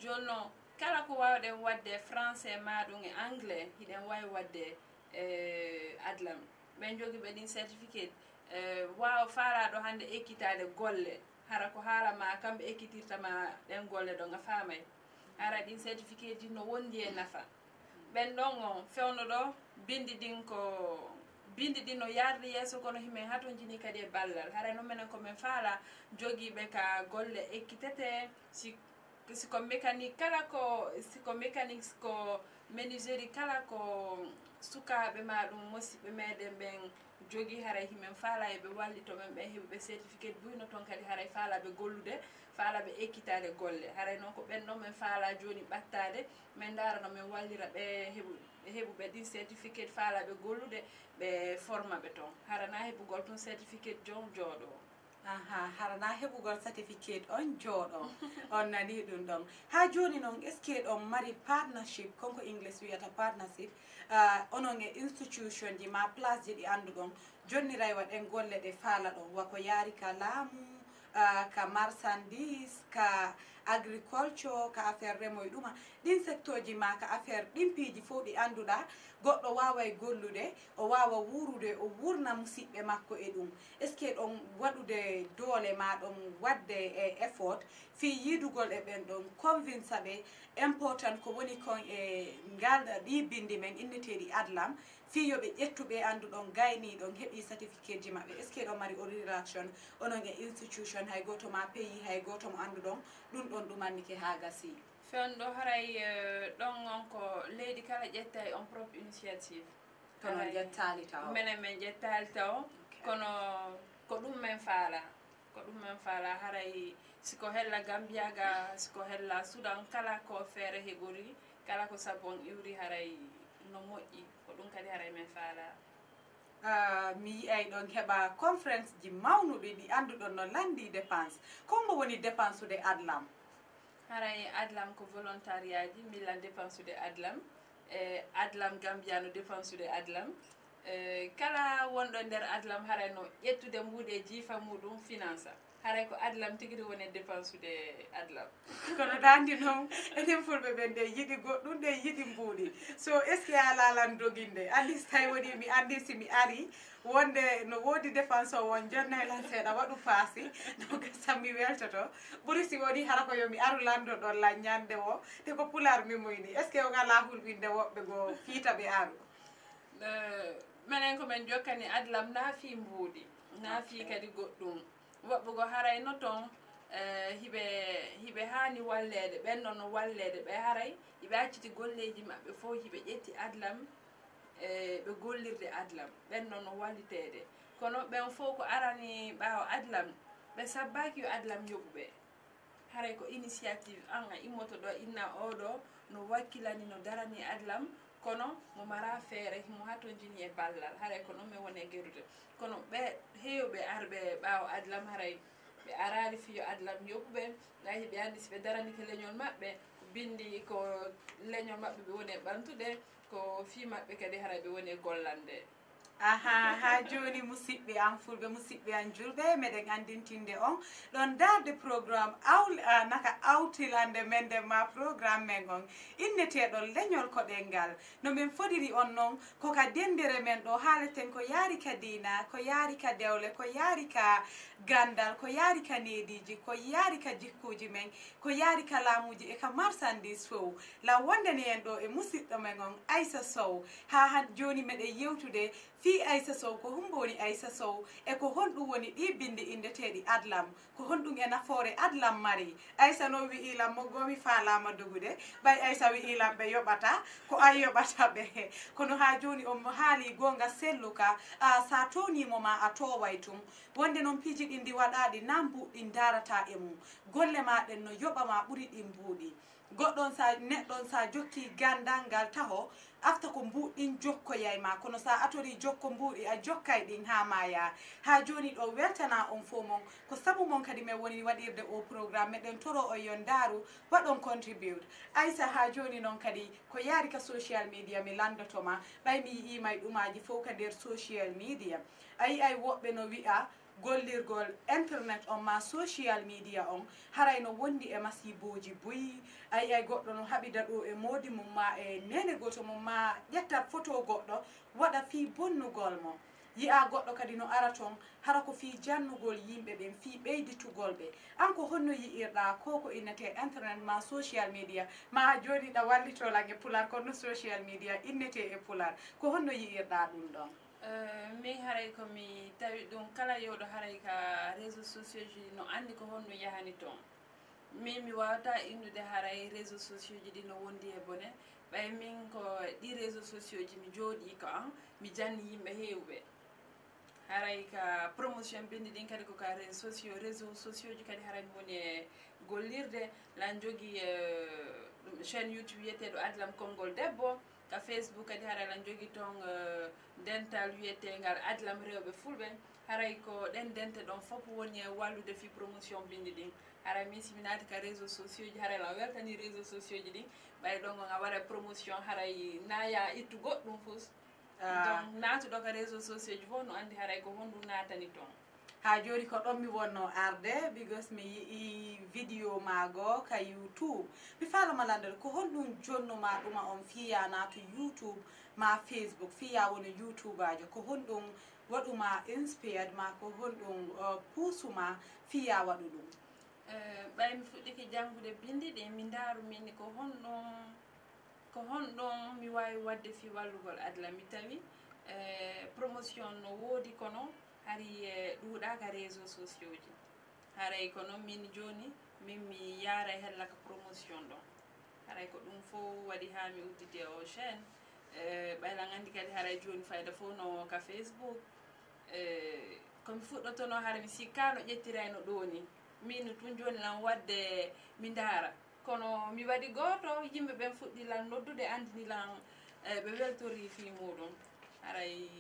joni noon kala ko wawɗen wadde français maɗum e anglais hiɗen wawi wadde e adlam ɓen jogui ɓe ɗin certificat wawa faraɗo hande ekkitade golle hara ko haalama kamɓe ekkitirtama ɗen golle ɗo a faamay ara ɗin certificat ji no wondi e nafa ɓen ɗon on fewno ɗo bindi ɗin ko bindi ɗi no yarri yeeso kono himin hatojini kadi e ballal haray noon minen komin faala jogiiɓe ka golle ekkitete si siko mécanique kala ko siko mécanique ko ménigérie kala ko sukaɓe ma ɗum musidɓe meɗen ɓen jogi haray himen faala eɓe wallito men ɓe heɓe certificat buyno toon kadi haray faalaɓe gollude faalaɓe ekkitade golle haray noon ko ɓen ɗon min faala joni ɓattade min darano min wallira ɓe heɓu ɓe heɓu ɓe ɗin certificate faalaɓe gollude ɓe forma ɓe toon harana heɓugol toon certificate jon jooɗo o aha harana heɓugol certificate on jooɗo on nani ɗum ɗon ha joni noon est ce que ɗon mari partnership konko english wiyata partnership uh, onon e institution ji ma place ji ɗi anduɗon jonni rayi waɗen golle ɗe faala ɗon wako yaari ka laamu Ah, ka marsandise ka agriculture ka affaire remoye ɗuma ɗin secteur ji ma ka affaire ɗimpiiji fo ɗi annduɗa goɗɗo wawa gollude o wawa wurude o wurna musiɓɓe makko e ɗum est ce que ɗon waɗude doole ma ɗon wadde e effort fi yidugol e ɓen ɗon convinca ɓe important ko woni kon e ngal ɗi bindi men inneteɗi adlam fiyoɓe ƴettuɓe anduɗon gayniɗon heeɓi certificat ji maɓɓe est ce que ɗon mari orilation onon e institution hay goto ma pays hay goto mo anduɗon ɗum ɗon ɗumannike ha gasi fewn ɗo haray e, ɗon on ko leydi kala ƴettay on propre initiative kono ƴettali taw minen men ƴettali taw kono ko ɗum men faala ko ɗum men faala haray siko hella gambiyaga siko hella soudan kala ko feere heɓori kala ko sabu on iwri haray no moƴƴi ɗum kadi haray men faala Uh, mi yiyay ɗon heɓa conférence ji mawnuɓe ɗi annduɗon no landi dépense kommo woni dépensude adlam haray adlam ko volontariat ji millal dépensude adlam e eh, adlam gambia no dépensude adlam eh, kala wonɗo nder adlam haray no ƴettude mbuuɗe jiifa muɗum finança haray ko adlam tigi ɗum woni dépense ude adlam kono dandi noon enen fulɓe ɓen nde yiɗi goɗɗum nde yiɗi mbuuɗi so est ce que alalan doginde andi so tawi waɗi mi andi si mi ari wonde no woodi dépense o won jonnaylan seeɗa waɗu paasi donc sammi weltoto ɓuri si woni hara ko yomi aru lanndo ɗon lanñande o te ko pular mimuyni est ce que on ala hulɓinde woɓɓe goo fiita ɓe aru minen komin jokkani adlam naafi mbuuɗi naafi kadi goɗɗum woɓɓugo haray no toon eh, hiɓe hiɓe haani walleede ɓen ɗo no walleede ɓe haray hiɓe acciti golleeji maɓɓe fof hiɓe ƴetti adlam e, ɓe gollirde adlam ɓen ɗo no walliteede kono ɓen fof ko arani ɓaawa adlam ɓe sabbaaki yo adlam yoɓu ɓe haray ko initiative an a immoto ɗo inna oo ɗo no wakkilani no darani adlam kono mo mara feere mo ha toon jini e ballal haray ko ɗon mi wone gerude kono ɓe heewɓe arɓe ɓaawa adlam haray ɓe araali fiyo adlam yoɓɓuɓe ayi ɓe anndi si ɓe daranike leñol maɓɓe binndi ko leñol maɓɓe ɓe woni e ɓantude ko fii maɓɓe kadi haray ɓe woni e gollande aha ha joni musidɓe an fulɓe musidɓe an julɓe meɗen andintinde on ɗon darde programme awl naka awtilande men nden ma programme men on inneteɗon leñol koɗel ngal nomin fodiri on noon koka dendere men ɗo haaleten ko yaari ka dina ko yaari ka dewle ko yaari ka gandal ko yaari ka nediji ko yaari ka jikkuji men ko yaari ka laamuji e ka marsandise fow law wondani en ɗo e musidɗo men on aissa sow ha joni meɗen yewtude fi aissa sow ko humbowoni aissa sow e ko honɗum woni ɗi binde indeteɗi adlam ko honɗum e nafoore adlam mari aissa noon wi'ilam mo gomi falama dogude ɓay aissa wi'ilam ɓe yoɓata ko ay yoɓata ɓe kono ha joni on haali gonga selluka uh, sa tonimoma a toway tum wonde noon piiji ɗi ndi waɗaɗi na mbuɗɗin darata e mum golle maɗen no yoɓama ɓuuri ɗin mbuuɗi goɗɗon sa neɗɗon sa jokki gandal ngal taho afta ko mbuɗɗin jokkoyay ma kono sa atori jokko mbuɗi a jokkay ɗin ha maya ha joni ɗo weltana on fo mon ko saabu mon kadi min woni waɗirde o programme meɗen toro o yon daaru waɗon contribute aysa ha joni noon kadi ko yaari ka social média mi landotoma ɓay mi yiima e ɗumaji fo ka nder social média a yi ay woɓɓe no wi'a gollirgol internet on ma social media on harayno wondi e masiboji boyi ayiyay goɗɗo no haɓida ɗo e moodi mum ma e nene goto mum ma ƴetta photo goɗɗo waɗa fi bonnugol mo yi'a goɗɗo kadi no ara toon hara ko fi jannugol yimɓe ɓen fi ɓeyditugol ɓe an ko honno yi'irɗa ko ko innete internet ma social media ma joni ɗa wallitolage pular konno social media innete e pular ko honno yi'irɗa ɗum ɗon Eh, min haray komi tawi ɗum kala yewɗo haray ka réseau sociau ji no anndi ko honno yahani toon min mi wawata innude haray réseau sociau ji ɗi no wondi e bone ɓay min ko ɗi réseau sociau ji mi jooɗi ko an mi janni yimɓe heewɓe haray ka promotion bindi ɗin kadi koka socio réseau sociau ji kadi haray mi woni e gollirde lan jogui eh, chaine youtube wiyeteɗo adlam konngol debbo ka facebook kadi harayla jogui ton euh, dental wiyetegal adlam rewɓe fulɓe haray ko ɗen dente ɗon foof woni e wallude fi promotion bindi ɗin haray misimi naati ka réseau sociaux ji haray la weltani réseau sociaux ji ɗin ɓay ɗon gon a waɗa promotion haray naya ittu goɗɗum fof ah. donc naatuɗo ka réseau sociaux ji fof no andi haray ko honndu natani ton ha jooni ko ɗon mi wonno arde bigos mi yii vidéo maago ka youtube mi faloma landere ko honɗum jonnuma ɗuma on fiya nato youtube ma facebook fiya woni youtube ajo ko honɗum waɗuma inspired ma ko honɗum uh, puusuma fiya waɗu ɗum eh, ɓay mi fuɗɗiki jangude bindi ɗe mi ndaaru minni ko honɗum ko honɗum mi wawi wadde fi wallugol adla mi tawi eh, promotion no woodi kono hari ɗuuɗaka réseau sociaux ji haray ko noon min joni min mi yaray hellaka promotion ɗon haray ko ɗum fo waɗi ha mi udditi o chaine ɓaylan andi kadi haray joni fayda fo no ka facebook eh, komi fuɗɗotono hara mi sikkano ƴettirayno ɗo ni min tun joni lan wadde mi ndaara kono mi waɗi goto yimɓe ɓen fuɗɗi lan noddude andini lan eh, ɓe weltori fi muɗum aray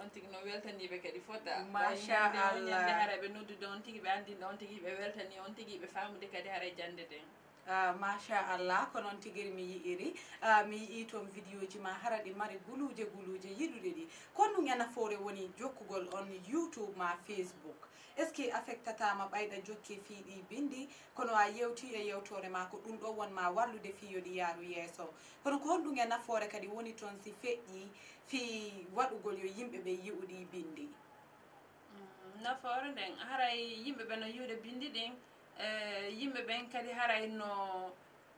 on tigi no weltaniɓe kadi fota machallahde hara ɓe noddu de on tigi ɓe andinde on tigi ɓe weltani on tigi ɓe famude kadi hara jande de ah, machallah ko noon tigiri mi yiiri ah, mi yii toon vidéo ji ma hara ɗi mari guluje guluje yiɗude ɗi konɗu ñanafoore woni jokkugol on youtube ma facebook est ce que affectatama ɓayɗa jokke fii ɗi bindi kono a yewti e yewtore ma ko ɗum ɗo wonma wallude fiyoɗi yaaru yeeso kono ko honɗum e nafoore kadi woni toon si feƴƴi fii waɗugol yo yimɓe ɓe yi'uɗi bindi mm, nafoore nden haray yimɓe ɓe no yiwde bindi ɗin e, yimɓe ɓen kadi haray no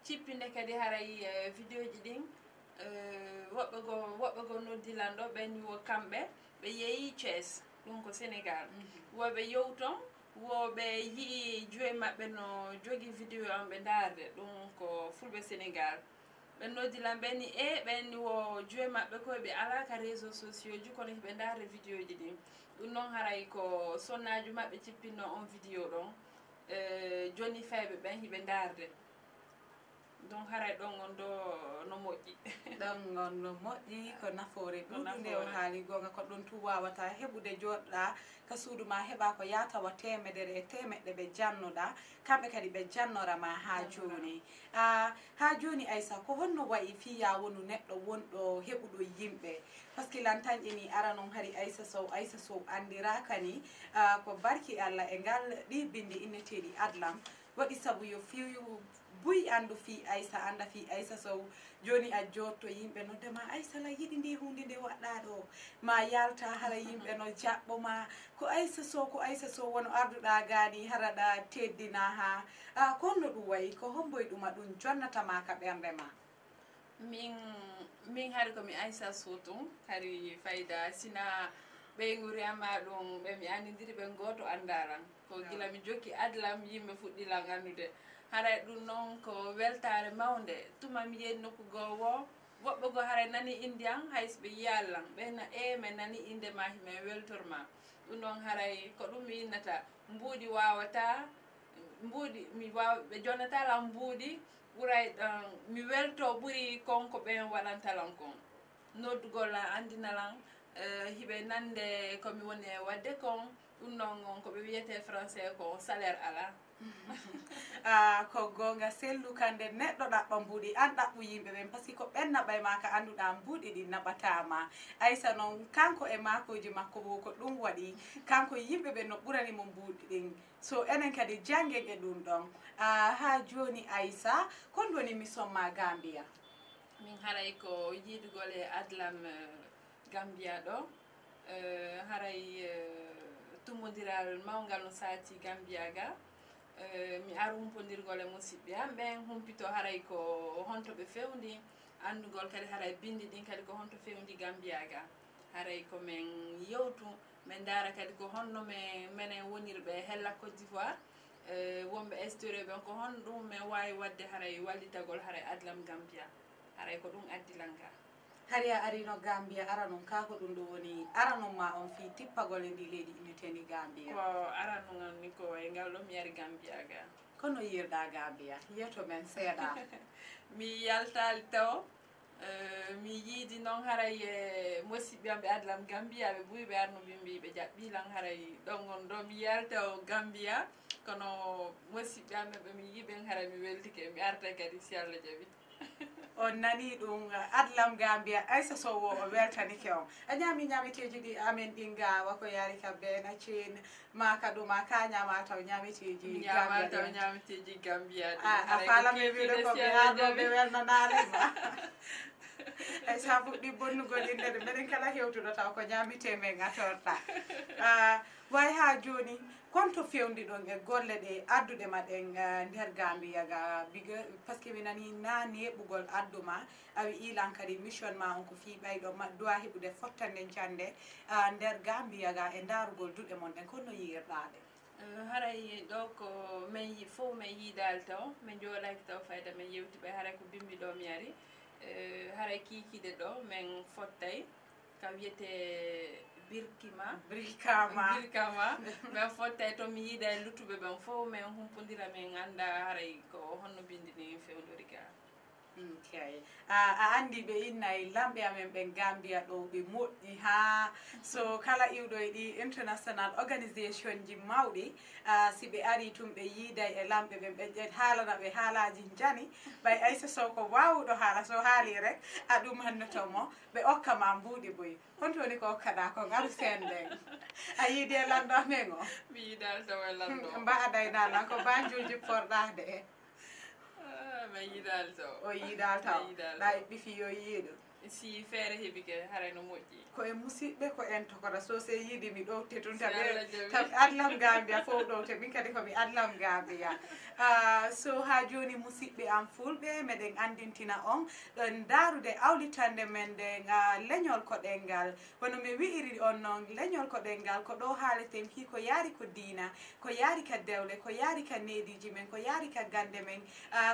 cippinde kadi haray e, vidéo ji ɗin e, woɓɓe go woɓɓe go noddilan ɗo ɓen wo kamɓe ɓe yeeyi thiese ɗum ko sénégal woɓe yow ton woɓe yii joyi maɓɓe no jogi vidéo an ɓe ndarde ɗum ko fulɓe sénégal ɓe noddilan ɓenni e ɓenni wo joyi maɓɓe koye ɓe alaka réseau sociau ji kono hiɓe ndarde vidéo ji ɗin ɗum noon haray ko sonnaji maɓɓe cippinno on vidéo ɗon eh, joni fayɓe ɓen hiɓe ndarde donc haray ɗon on ɗo no moƴƴi ɗon on no moƴƴi ko nafoore ɗuɗunde o haali gonga ko ɗon tu wawata heɓude joɗɗa ka suudu ma heɓa ko yatawa temedere e temeɗɗe ɓe jannoɗa kamɓe kadi ɓe jannorama ha joni ha joni aysa ko honno wayi fi yawonu neɗɗo wonɗo heɓuɗo yimɓe par ce que lantañƴini ara noon haari aysa sow aysa sow andiraka ni ko barki allah e ngal ɗi bindi inneteɗi adlam waɗi saabu yo fiw buy anndu fi aysa annda fi aysa sow joni a jotto yimɓe noddema aysa la yiɗi ndi hunde nde waɗɗa ɗo ma yalta hala yimɓe no jaɓɓo ma ko aysa sow ko aysa sow wono arduɗa gaani haraɗa teddina ha a kon no ɗum wayi ko homboye ɗuma ɗum jonnatama ka ɓerde ma min min hari komi aysa sotum hari fayda sina ɓeyguri ama ɗum ɓe mi andidiri ɓe goto anndaran ko ah. gila mi jokki adlam yimɓe fuɗɗilan anndude haray ɗum noon ko weltare mawde tuma mi yeeni nokku goo woo woɓɓe goo haray nani indiyan hay so ɓe yiyallan ɓeyna eme nani inde ma hime weltorma ɗum noon haray ko ɗum mi innata mbuuɗi wawata mbuuɗi mi waw ɓe jonatalan mbuuɗi ɓuray ɗan mi welto ɓuuri kon ko ɓen waɗantalan kon noddugolla andinalan e, hiɓe nande komi woni e wadde kon ɗum noon on ko ɓe wiyete français ko salaire ala Ah, ko gonga selluka nde neɗɗo ɗaɓɓa mbuɗi an ɗaɓɓu yimɓe ɓen par ce que ko ɓenna ɓay ma ka annduɗa mbuɗi ɗi naɓatama aysa noon kanko e makoji makko wo ko ɗum waɗi kanko yimɓe ɓen no ɓuranimo mbuɗi ɗin so enen kadi janggen e ɗum ɗon ah, ha joni aysa kon ndoni mi somma gambiya min haray ko yiɗugol e adlam eh, gambiya ɗo eh, haray eh, tumodiral mawgal no sati gambiya ga Eh, mi ar humpodirgol e musidɓe han ɓen humpito haray ko honto ɓe fewndi anndugol kadi haray bindi ɗin kadi ko honto fewndi gambiyaga haray komin yewtu min ndaara kadi ko honno mi minen wonirɓe e hella côte d'ivoire eh, wonɓe estori ɓen ko hon ɗum min wawi wadde haray wallitagol haray adlam gambiya haray ko ɗum addilal ngal hari arino gambia ara non kako ɗum ɗo woni ara non ma on fi tippagol e ndi leydi innitedi gambia ko ara non an ni ko way ngal ɗo mi yari er gambia ga kono yirɗa gambia yeto men seeɗa mi yaltal taw eh, mi yiidi noon haray e eh, musidɓe am ɓe adlam gambiya ɓe ɓuuri ɓe arno mbimbi ɓe jaɓɓi lan haray ɗon on ɗo mi yalta o gambiya kono musidɓe am ɓe mi yiɓen haray mi weltike mi arta kadi si allah jaɓi on nani ɗum uh, adlam ga mbiya aysa sowo o weltanike on a ñami ñamiteji ɗi amen ɗin gawa ko yaari ka bena thin ma ka ɗuma ka ñama taw ñamiteji ñamataw ñamiteji gambiyaa falami wiɗo koɓe haɗoɓe wernanalema ay sa fuɗɗi bonnugolinndede mbeɗen kala hewtuɗo taw ko ñamite men a torɗa ah, way ha joni konto fewndi ɗon e golle ɗe addude ma ɗen eh, nder gambiyaga biga par ce que mi nani nane heɓugol adduma a wi ilan kadi mission ma on ko fi ɓayɗo duwa heɓude fottande cande nder gambiyaga e darugol duɗe mon ɗen konno yiyirɗaɗe eh, haray ɗo ko min fof min yiidal taw min joɗaki taw fayda min yewti ɓay haray ko bimbi ɗo mi ari eh, haray kiikide ɗo min fottay ka wiyete birkima birkama birkama min fottay to mi yiiɗa e luttuɓe ɓen fo min humpodira min annda haray ko honno bindini fewdori ga a a anndi ɓe innay e lamɓe amen ɓe gambiya ɗo ɓe moƴƴi ha so kala iwɗoye ɗi international organisation ji mawɗi si ɓe ari tum ɓe yiiday e lamɓe ɓen ɓe haalana ɓe haalaji jani ɓay aysa so ko wawɗo haala so haali rek a ɗum hannoto mo ɓe okka ma mbuuɗi boy hontoni ko okkaɗa ko ngaru senden a yiidi e lanndo amen o mi yiidaltawa e e lanndo mbaa adaynana ko banjuuji porɗade e ma yiɗal taw o yiɗal taw ɗay ɓifi yo yiiɗo si feere heeɓi ke hara no moƴƴi koye musidɓe ko en tokoɗa so se yiiɗi mi ɗowte tun taɓe taɓe adlam gambiya fof ɗowte min kadi komi adlam gambiya so ha joni musidɓe am fulɓe meɗen andintina on ɗon darude awlitande men ndeng leñol koɗel ngal wono mi wi'iri on noon leñol koɗel ngal ko ɗo haaleten hi ko yaari ko diina ko yaari ka dewle ko yaari ka nediji men ko yaari ka gande men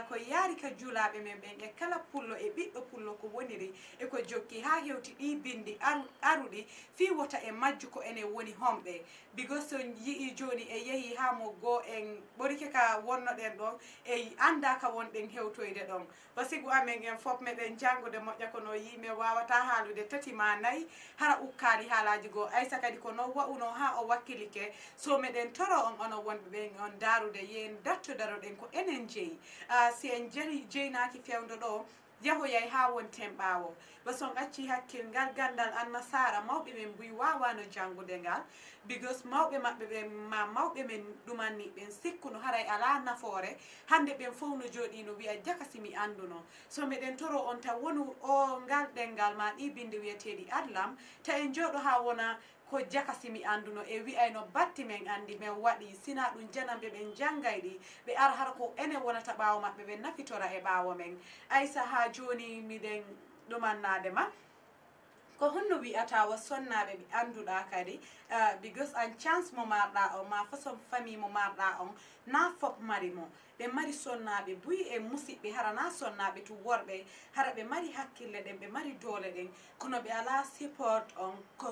ko yaari ka julaɓe men ɓen e kala pullo e ɓiɗɗo pullo ko woniri eko jokki ha hewti ɗi bindi aruɗi fi wota e majju ko ene woni homɓe bigo so yii joni e yehi ha mo goo en ɓorikeka wonno ɗen ɗon e andaka wonɗen hewtoyde ɗon ba sigo amen en foof meɗen jangude moƴƴa kono yimi wawata haalude tati ma nayyi hara ukkari haalaji goho aysa kadi kono wa'uno ha o wakkilike so meɗen toro on onon wonɓe ɓen on darude yen dattodaroɗen ko enen jeeyi ah, si en jeeyi jeynaki fewdo ɗo yahoyay ha wonten ɓawo ɓason ɗacci hakkil ngal gandal annasara mawɓe men mbuy wawano jangude ngal because mawɓe maɓɓe ɓen ma mawɓe men ɗumanni ɓen sikkuno haray ala nafoore hande ɓen fof no joɗino wiya jakasi mi anduno so meɗen toro on tan wonu o ngal ɗel ngal ma ɗi binde wiyateɗi adlam ta en jooɗo ha wona ko jakasi mi anduno e wi'ayno batti men andi min waɗi sina ɗum janamɓe ɓen janggay ɗi ɓe ara har ko enen wonata ɓawo maɓɓe ɓe nafitora e ɓawo men aysa ha joni miɗen ɗumannade ma ko honno wiyatawa sonnaɓe ɓe anduɗa kadi eh, bigos an chance mo marɗa on ma façon famille mo marɗa on na fop mari mo ɓe mari sonnaɓe buyi e musiɓɓe hara na sonnaɓe to worɓe hara ɓe mari hakkille ɗen ɓe mari doole ɗen kono ɓe ala support on ko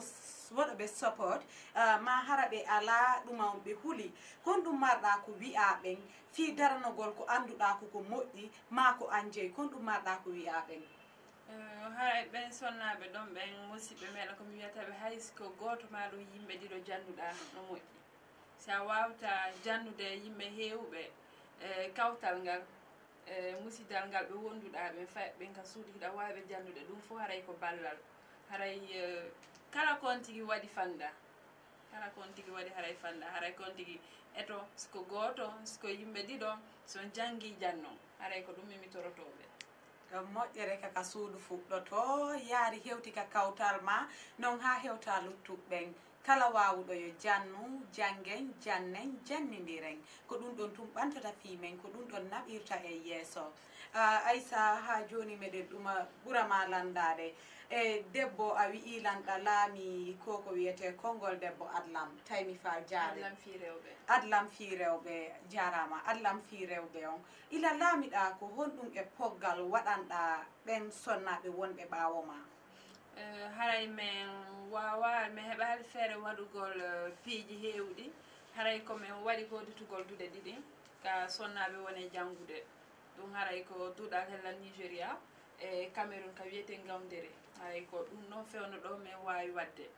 waɗa ɓe support eh, ma hara ɓe ala ɗuma on ɓe huuli kon ɗum marɗa ko wi'a ɓen fi daranogol ko anduɗa koko moƴƴi ma ko anjeyi kon ɗum marɗa ko wi'a ɓen Eh, hay ɓen sonnaɓe ɗon ɓen musidɓe meɗen komi wiyataɓe haysko goto maɗo yimɓe ɗiɗo jannduɗa no moƴƴi sa wawta jannude yimɓe hewɓe e eh, kawtal ngal e eh, musidal ngal ɓe wonduɗa ɓe fay ɓen ka suudi hiɗa wawɓe jannude ɗum fo haray ko ballal haray kala kon tigui waɗi fanda kala kon tigui waɗi haray fanda haray kon tigui eto siko goto siko yimɓe ɗiɗo so janggui janno haray ko ɗum mimi torotoɓe moƴƴere kaka suudu fuɗɗoto yaari hewti ka kawtal ma noon ha hewta luttuɓɓen kala wawuɗo yo jannu janngen jannen jannidiren ko ɗum ɗon tum ɓantata fimen ko ɗum ɗon naɓirta e yeeso aysa ha joni meɗen ɗuma ɓurama landade e debbo a wi'i lanɗa laami ko ko wiyete kongol debbo adlam taymi fa jarefrewɓe adlam fi rewɓe jarama adlam fi rewɓe on ila laamiɗa ko honɗum e poggal waɗanɗa ɓen sonnaɓe wonɓe ɓawo ma e, haray min wawa mi heɓal feere waɗugol e, piiji hewɗi haray komin waɗi ko dutugol duɗe ɗiɗi ka sonnaɓe wone jangude ɗum haray ko duuɗa hella nigéria e cameron ka wiyete gawdere ay ko ɗum noon fewno ɗo min wawi wadde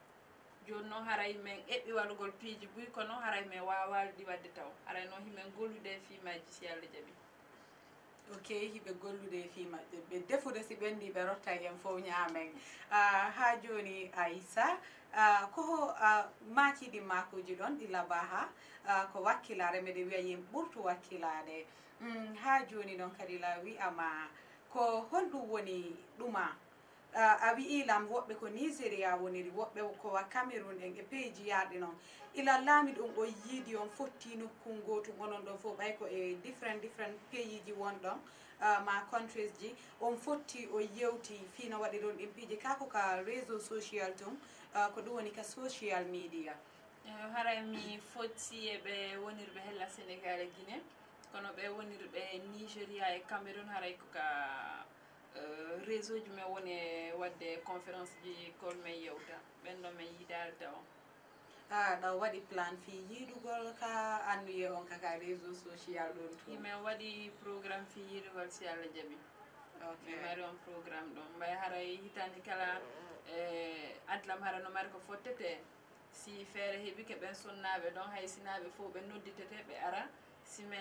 joni noon haray min eɓɓi walugol piiji buy ko noon haray min wawawiɗi wadde taw haray noon himin gollude fimaji si allah jaaɓi ok hiɓe gollude fi maɓɓe ɓe defude si ɓendi ɓe rotta hen fof ñamen ha joni aissa koho makiɗi makuji ɗon ɗi laaba ha ko wakkilare mbeɗe wiya yim ɓurtu wakkilade mm, ha joni noon kadi la wi'ama ko holɗum woni ɗuma a wi'ilam woɓɓe ko nigéria woniri woɓɓe ko cameron en e peyji yarɗe noon ilallami ɗum o yiidi on fotti nokkun gootu gonon ɗon fof ɓay ko e different different pays ji won ɗon ma countries ji on fotti o yewti fiino waɗi ɗon ɗin piiji kako ka réseau social tum ko ɗum woni ka social média hara mi fotti eɓe wonirɓe hella sénégal e guinée kono ɓe wonirɓe nigéria e cameron haray koka Euh, réseau ji min woni e wadde conférence ji kolmin yewta ɓen ah, ɗo min yidaal taw a ɗaw waɗi plan fi yiidugol ka annuye on kaka réseau social ɗon to min waɗi programme fi yiidugol si allah jaɓi min mari on programme ɗo mbay haray hitandi kala e, adlam hara no mari ko fottete si feere heɓi ke ɓen sunnaɓe ɗon hay sinaɓe fo ɓe nodditete ɓe ara si min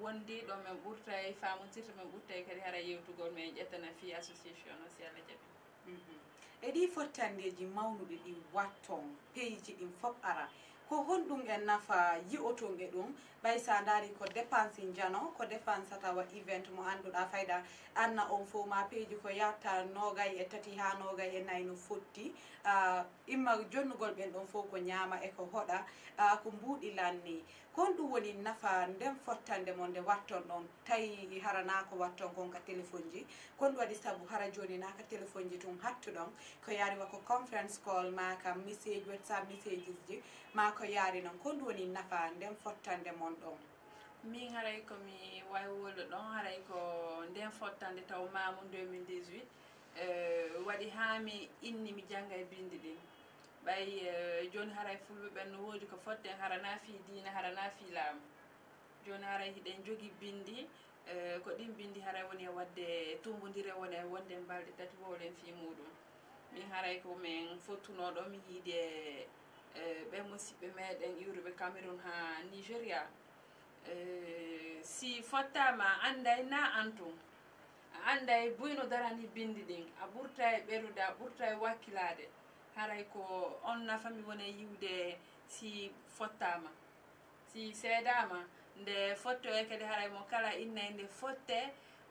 wondi ɗo min ɓurtay e famodirde min ɓurtay e kadi hara yewtugol min ƴettana fi association o si allah jaɓi mhm. e ɗi fottandeji mawnuɗe ɗi watton peyji ɗin fof ara ko honɗum en nafa yi'otonge ɗum ɓay sa ndaari ko dépense jano ko dépense tawa event mo annduɗa fayda anna on fo ma peeji ko yatta nogay e tati ha nogay e nayi no fotti uh, ah, imma jonnugol ɓen ɗon fo ko ñaama e ko hoɗa uh, ko mbuuɗi lanni kon ɗum woni nafa nden fottande mo nde watton ɗon tawi haranako watton kon ka téléphone ji kon ɗum waɗi saabu hara joni naka téléphone ji tun hattuɗon ko yariwa ko conference call ma kam message whatsapp messages ji ma ko yaari noon ko ndu woni nafa nden fottande mon ɗon min haray komi waywolu ɗon haray ko nden fottande taw mamu 2018 e, waɗi hami inni mi jangga e bindi ɗin ɓay e, joni haray fulɓeɓen no woodi ko fotten hara naafi diina hara naafi laamu joni haray hiɗen jogui bindi e, ko ɗin bindi haray woni e wadde tumbodire woni e wonde balɗe tati wowlen fi muɗum min haray ko min fottunoɗo mi yiide E, ɓe musiɓɓe meɗen yuruɓe cameron ha nigéria e, si fottama anday na an tun a anday buyno darani bindi ɗin a ɓurtay ɓeruɗe a ɓurtay wakkilade haray ko on nafami woni yiwde si fottama si seedama nde fotto e kadi haray mo kala innay nde fotte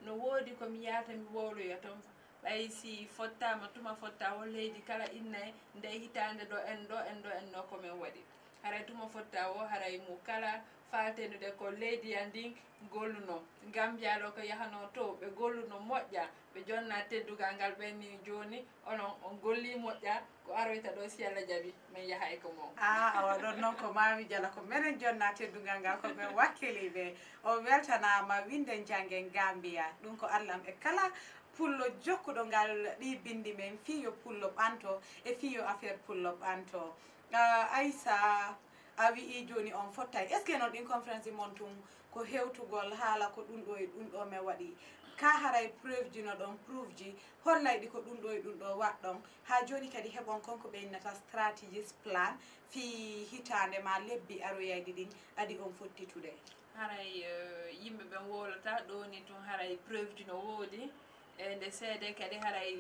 no woodi komi yata mi wowloya tonfa ɓay si fottama tuma fotta wo leydi kala innay nde hitande ɗo en ɗo en ɗo en ɗo komin waɗi haray tuma fotta o haray mu kala fatenude ko leydiyandin golluno gambiyalo ko yahano to ɓe golluno moƴƴa ɓe jonna teddugal ngal ɓenni joni onon on golli moƴƴa ko aroyta ɗo si allah jaaɓi min yahay ko mon a ah, awa ɗon noon ko mami diala ko minen jonna teddugal ngal koɓe wakkili ɓe o weltanama winde jangue gambiya ɗum ko allahm e kala pullo jokkuɗo ngal ɗi bindi men fiyo pullo ɓanto e fiyo affaire pullo ɓanto aysa ah, a wi'i joni on fottay est ce que noon ɗin conférence mon tum ko hewtugol haala ko ɗum ɗo e ɗum ɗo min waɗi ka haray preuve ji no ɗon preuve ji hollayɗi ko ɗum ɗo e ɗum ɗo waɗɗon ha joni kadi heɓon konko ɓe innata stratégis plan fi hitande ma lebbi aroyayɗi ɗin adi on fottitude haray eh, yimɓe ɓen wolata ɗo ni tun haray preuve ji no woodi e nde seede kadi haray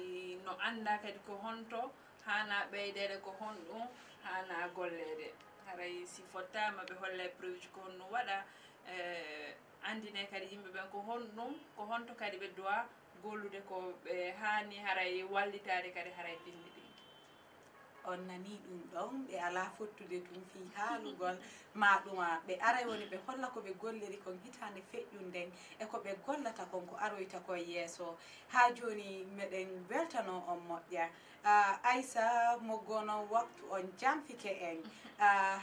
no annda kadi ko honto hana ɓeydede ko honɗum hana golleede haray si fottama ɓe holle preuji ko honɗum waɗa e andine kadi yimɓe ɓen ko honɗum ko honto kadi ɓe dowa gollude ko ɓe hani haray wallitade kadi haray dilliɗi on nani ɗum ɗon ɓe ala fottude tum fi haalugol ma ɗuma ɓe aray woni ɓe holla ko ɓe golleri kon hitande feƴƴum nden e ko ɓe gollata kon ko aroyta kon yeeso ha joni meɗen weltano on moƴƴa aysa mo gonon waktu on jamfike en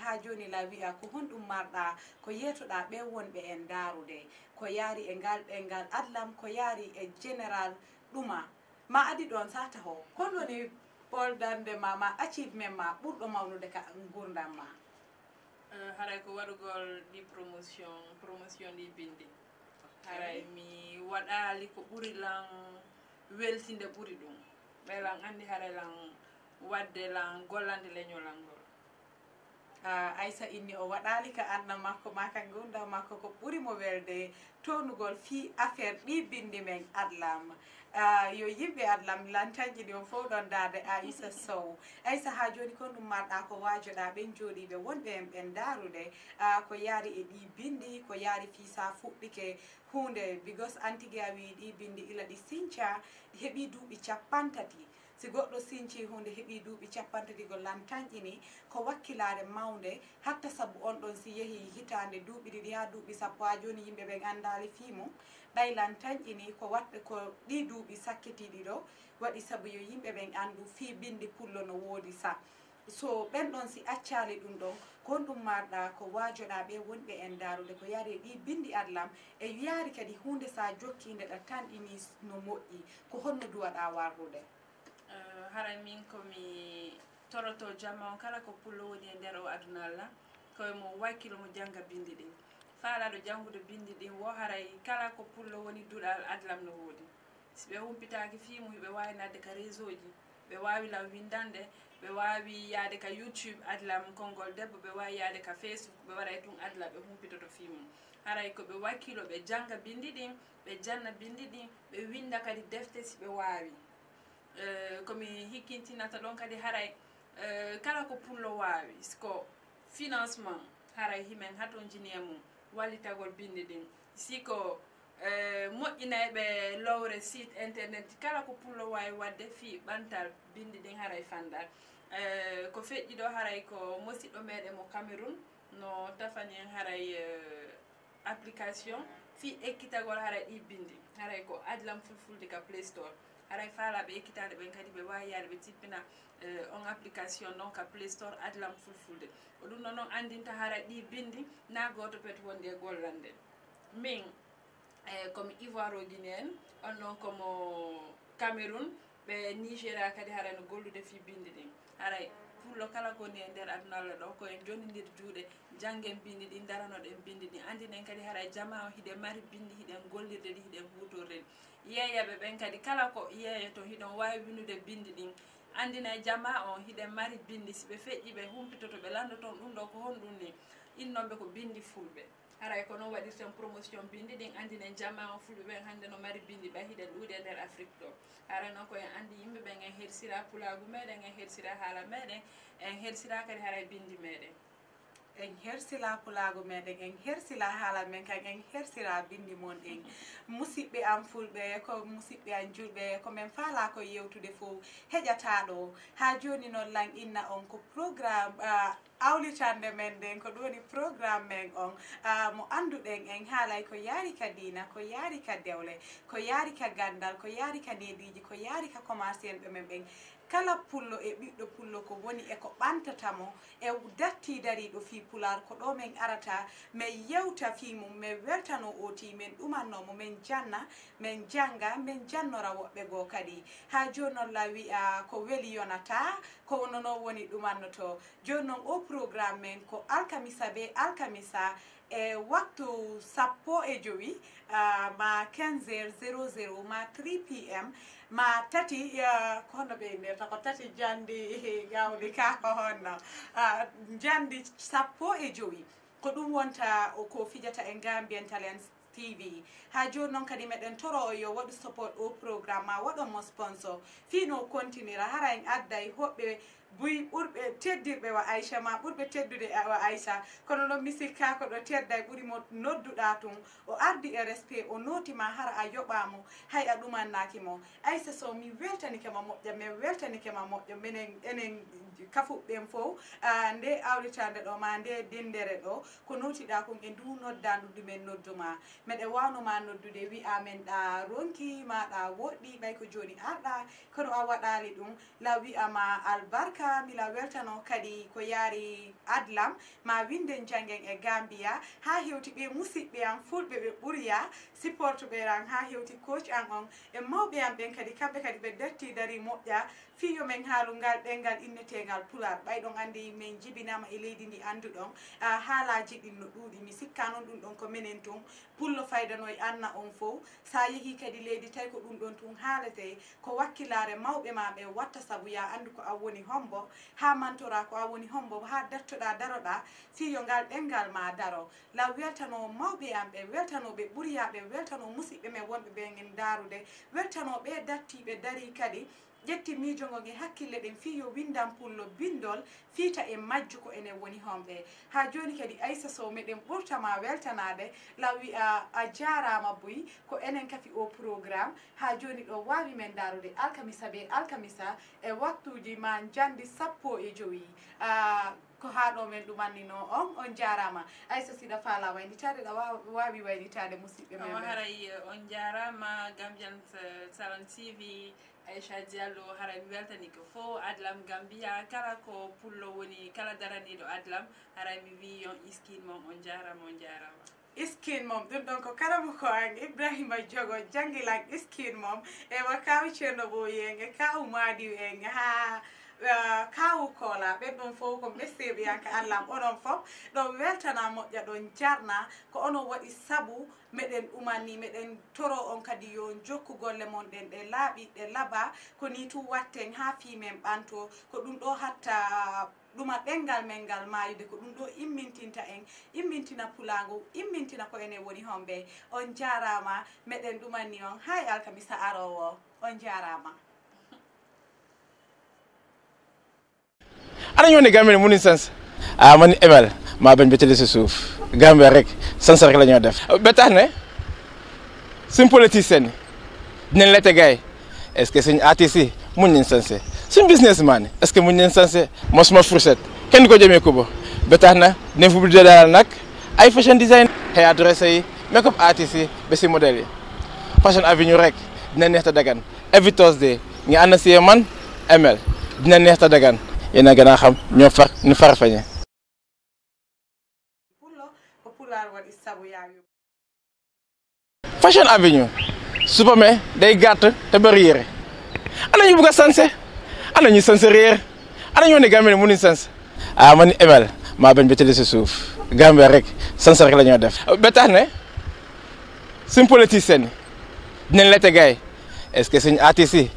ha joni la wiya ko honɗum marɗa ko yetoɗa ɓe wonɓe en daarude ko yaari e ngal ɗengal adlam ko yaari e général ɗuma ma adi ɗon sataho holɗoni pol darde ma ma achievement ma ɓurɗo mawnude ka gurdam ma eh, haray ko waɗugol ɗi promotion promotion ɗi bindi haray mi waɗali ko ɓuri lan weltinde ɓuri ɗum ɓaylan andi haray lan wadde lan gollande leñolal ngol aysa inni o waɗali ka anna makko ma kan gurdam makko ko ɓuri mo welde tonugol fi affaire ɗi bindi men adlama yo yimɓe allam lantanji ɗi o fo ɗon dade aissa sow aissa ha joni kon ɗum marɗa ko wajoɗa ɓen jooɗiɓe wonɓe en ɓen darude ko yaari e ɗi bindi ko yaari fisa fuɗɗike hunde bigos antigue a wi ɗi bindi ila ɗi sinthia heeɓi duuɓi capantati si goɗɗo sinthi hunde heeɓi duuɓi capantati go lantanƴi ni ko wakkilare mawde hatta saabu on ɗon si yeehi hitande duuɓi ɗiɗi ha duuɓi sappo ha joni yimɓeɓe gandali fimum ɓaylan tan ini ko watɓe ko ɗi duuɓi sakketiɗi ɗo waɗi saabu yo yimɓe ɓen anndu fi binndi pullo no woodi sa so ɓen ɗon si accaali ɗum ɗon kon ɗum marɗa ko waajoɗa ɓe wonɓe en daarude ko yaari ɗi binndi allam e yaari kadi hunde sa jokkiinde ɗa tan ini no moƴƴi ko honno duwaɗa warrude hara min komi toroto jama on kala ko pullo woni e nder o adunallah koyemo wakkilo mo jannga binndi ɗin faalaɗo janngude bindi ɗin wo haray kala ko pullo woni duɗal adlam no woodi si ɓe humpitaki fimuy ɓe wawi nadde ka réseau ji ɓe wawi law windande ɓe wawi yaade ka youtube adlam konngol debbo ɓe wawi yaade ka facebook ɓe waɗay tun adla ɓe humpitoto fimum haray ko ɓe wakkilo ɓe janga bindi ɗin ɓe janna bindi ɗin ɓe winda kadi defte si ɓe wawi eh, komi hikkintinata ɗon kadi haray eh, kala ko pullo wawi siko financement haray himen haton jinie mum wallitagol binde ɗin si ko eh, moƴƴinay ɓe lowre site internet kala ko pullo wawi wadde fi ɓantal binde ɗin haray fandal eh, ko feƴƴi ɗo haray ko mosiɗɗo meɗen mo cameron no tafani en haray eh, application fi ekkitagol haray ɗi binde haray ko adlam fulfulde ka play store aray faalaɓe ekkitaɗe ɓen kadi ɓe wawi yaade ɓe jippina eh, on application donc a play store adlam fulfulde ko ɗum ɗo noon andinta hara ɗi bindi na goto peete wonde e gollande min eyi eh, komi ivoire o guinée en on noon komo cameroun ɓe nigéria kadi harano gollude fi bindi ɗin haray pourlo kala ko ni e nder adunallah ɗo koyen jonidir juuɗe jangguen bindi ɗin daranoɗen bindi ɗin andinen kadi haara jama o hiɗen mari bindi hiɗen gollirde ɗi hiɗen hutorde ɗi yeeyaɓe ɓen kadi kala ko yeeya to hiɗon wawi winude bindi ɗin andina e jama on hiɗen mari bindi siɓe feƴƴi ɓe humpitoto ɓe lando ton ɗum ɗo ko honɗum ni innoɓe ko bindi fulɓe haray ko noon waɗirten promotion bindi ɗin andine jama o fulɓe ɓen hande no mari bindi ɓa hiɗen ɗuuɗi e nder afrique ɗo hara noon koyen andi yimɓeɓen en hersira pulagu meɗen en hersira haala meɗen en hersira kadi haray bindi meɗen en hersila kulago meɗen en hersila haala men kan en hersila bindi mon ɗen musiɓɓe am fulɓe ko musiɓɓe am julɓe komin fala ko yewtude fo heƴata ɗo ha joni noon lan inna on ko programme uh, ah, awlitande men ɗen ko ɗo woni programme men on uh, mo anduɗen en haalay ko yaari ka dina ko yaari ka dewle ko yaari ka gandal ko yaari ka nediji ko yaari ka commerce en ɓe men ɓen kala pullo e ɓiɗɗo pullo ko woni eko ɓantatamo e datti dariɗo fi pular ko ɗo min arata min yewta fi mum min weltano o ti min ɗumannomo min janna min janga min jannora woɓɓe goo kadi ha jonolla wiya ko weli yonata ko nono woni ɗumannoto joni noon o programme min ko alkamisa be alkamisa e waktu sappo e jowi ma 15 00 ma 3 pm ma tati ko honno ɓe innirta ko tati jandi gawli ka ko honno jandi sappo e joyi ko ɗum wonta ko fijata en gambian talent tv ha joni noon kadi meɗen toro yo waɗu support o programme ma waɗonmo sponsor fino continuira hara en adday hoɓɓe buyi ɓurɓe teddirɓe wa aycha ma ɓurɓe teddude e wa aycha kono noon mi sikkako ɗo tedda e ɓuurimo nodduɗa tun o ardi e respect o notima hara a yoɓamo hay a ɗumannaki mo aycha so min weltanikema moƴƴo min weltanikema moƴƴo minen enen kafuɓɓen fof nde awritande ɗo ma nde dindere ɗo ko notiɗa kum e ndu noddandu ɗumen nodduma meɗe wawnoma noddude wi amen ɗa ronki maɗa woɗɗi ɓay ko joni arɗa kono a waɗali ɗum law wi ama albarka barka mila weltano kadi ko yaari adlam ma winden janngen e gambiya ha hewti ɓe musidɓe am fulɓe ɓe ɓuriya supporte ɓe ran ha hewti coach an on e mawɓe am ɓen kadi kamɓe kadi ɓe datti dari moƴƴa fiyo men haalu ngal ɓengal innetegal pular ɓayɗon andi min jibinama e leydi ndi andu ɗon haalaji ɗin no ɗuuɗi mi sikka noon ɗum ɗon ko minen tun pullo faydanoye anna on fo sa yehi kadi leydi tawi ko ɗum ɗon tun haalate ko wakkilare mawɓe ma ɓe watta saabu ya andu ko a woni hombo ha mantora ko a woni hombo ha dattoɗa daroɗa fiyo ngal ɓengal ma daro la weltano mawɓe am ɓe weltano ɓe ɓuuriya ɓe weltano musidɓe men wonɓe ɓe en darude weltano ɓe dattiɓe dari kadi ƴetti miijongo nge hakkille ɗen fii yo windan pullo bindol fiita en majju ko enen woni homɓe ha joni kadi aissa sow meɗen ɓurtama weltanade law wi a a jarama boyi ko enen kafi o programme ha joni ɗo wawi men darude alkamisa ɓe alkamisa e waktuji ma jandi sappo e joyi uh, ko haɗo men ɗumannino on on jarama aissa siɗa fala waynitade ɗa wawi waynitade musidɓe mewaray on jarama gamjan salan tv aicha diallo haran weltani ko fo adlam gambiya kala ko pullo woni kala daraniɗo adlam hara mi wi on iskin mom on jarama on jarama iskin mom ɗum ɗon ko kalamo ko an ibrahima jogo jangilan iskin mom ewa kaw ceerno ɓoyenge kaw madiw enge ha Eh, kawu kola ɓenɗon fof ko mbesteɓe yanka allahm onon fof ɗon weltana moƴƴa ɗon jarna ko onon waɗi saabu meɗen ɗumanni meɗen toro on kadi yo jokku golle mon ɗen ɗe laaɓi ɗe laaɓa ko ni tu watten ha fimen ɓanto ko ɗum ɗo hatta ɗuma ɗengal men ngal mayude ko ɗum ɗo immintinta en immintina pulago immintina ko enen woni honɓe on jarama meɗen ɗumanni on hay alkamisa arowo on jarama ana ñoo ne Gambie mënuñ sens ah man Emel maa bañ ba tëddee si suuf Gambie rek sens rek la def. ba tax ne suñ politicien yi dinañ la tegaay est-ce que suñ artistes yi mun nañ sensé suñ businessman est-ce que mun nañ sensé moo suma fourchette kenn ko jëmee ko ba ba tax na dinañ fa budget ay fashion design. xëy adresse yi make-up artistes yi ba si modèles yi fashion avenue rek dina neex ta dagan every Thursday nga ànd si man Emel dina neex ta dagan. yéen a gën xam ñoo far ñu farfañe fashion avenue su day gàtt te bëri yére ana ñu bugg a sanse ana ñu sanse réer ana ñu ne Gambie mënuñ sanse ah man Emel maa bañ ba tëdd si suuf Gambie rek sanse rek la ñoo def. ba ne suñ politicien dinañ la te gaay est-ce que suñ artistes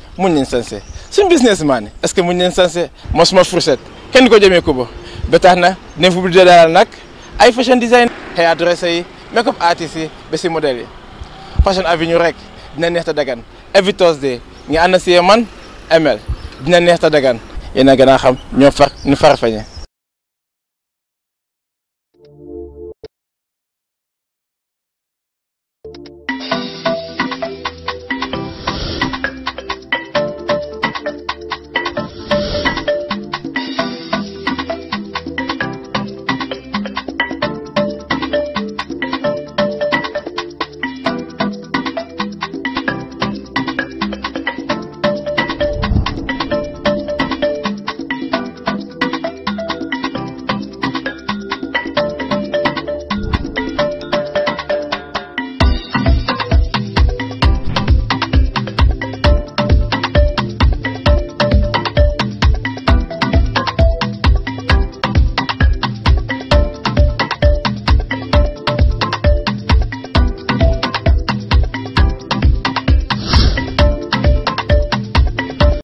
sanse suñ businessman est ce que muñ leen sansé moo suma fourchette kenn ko jëmee ko ba ba tax na ne fu budee daal nag ay fashion design hair dresser yi make up artist yi ba si modèles yi fashion avenue rek dina neex ta dagan every Thursday nga ànd si man ML dina neex ta dagan yéen a gën a xam ñoo far ñu far fañe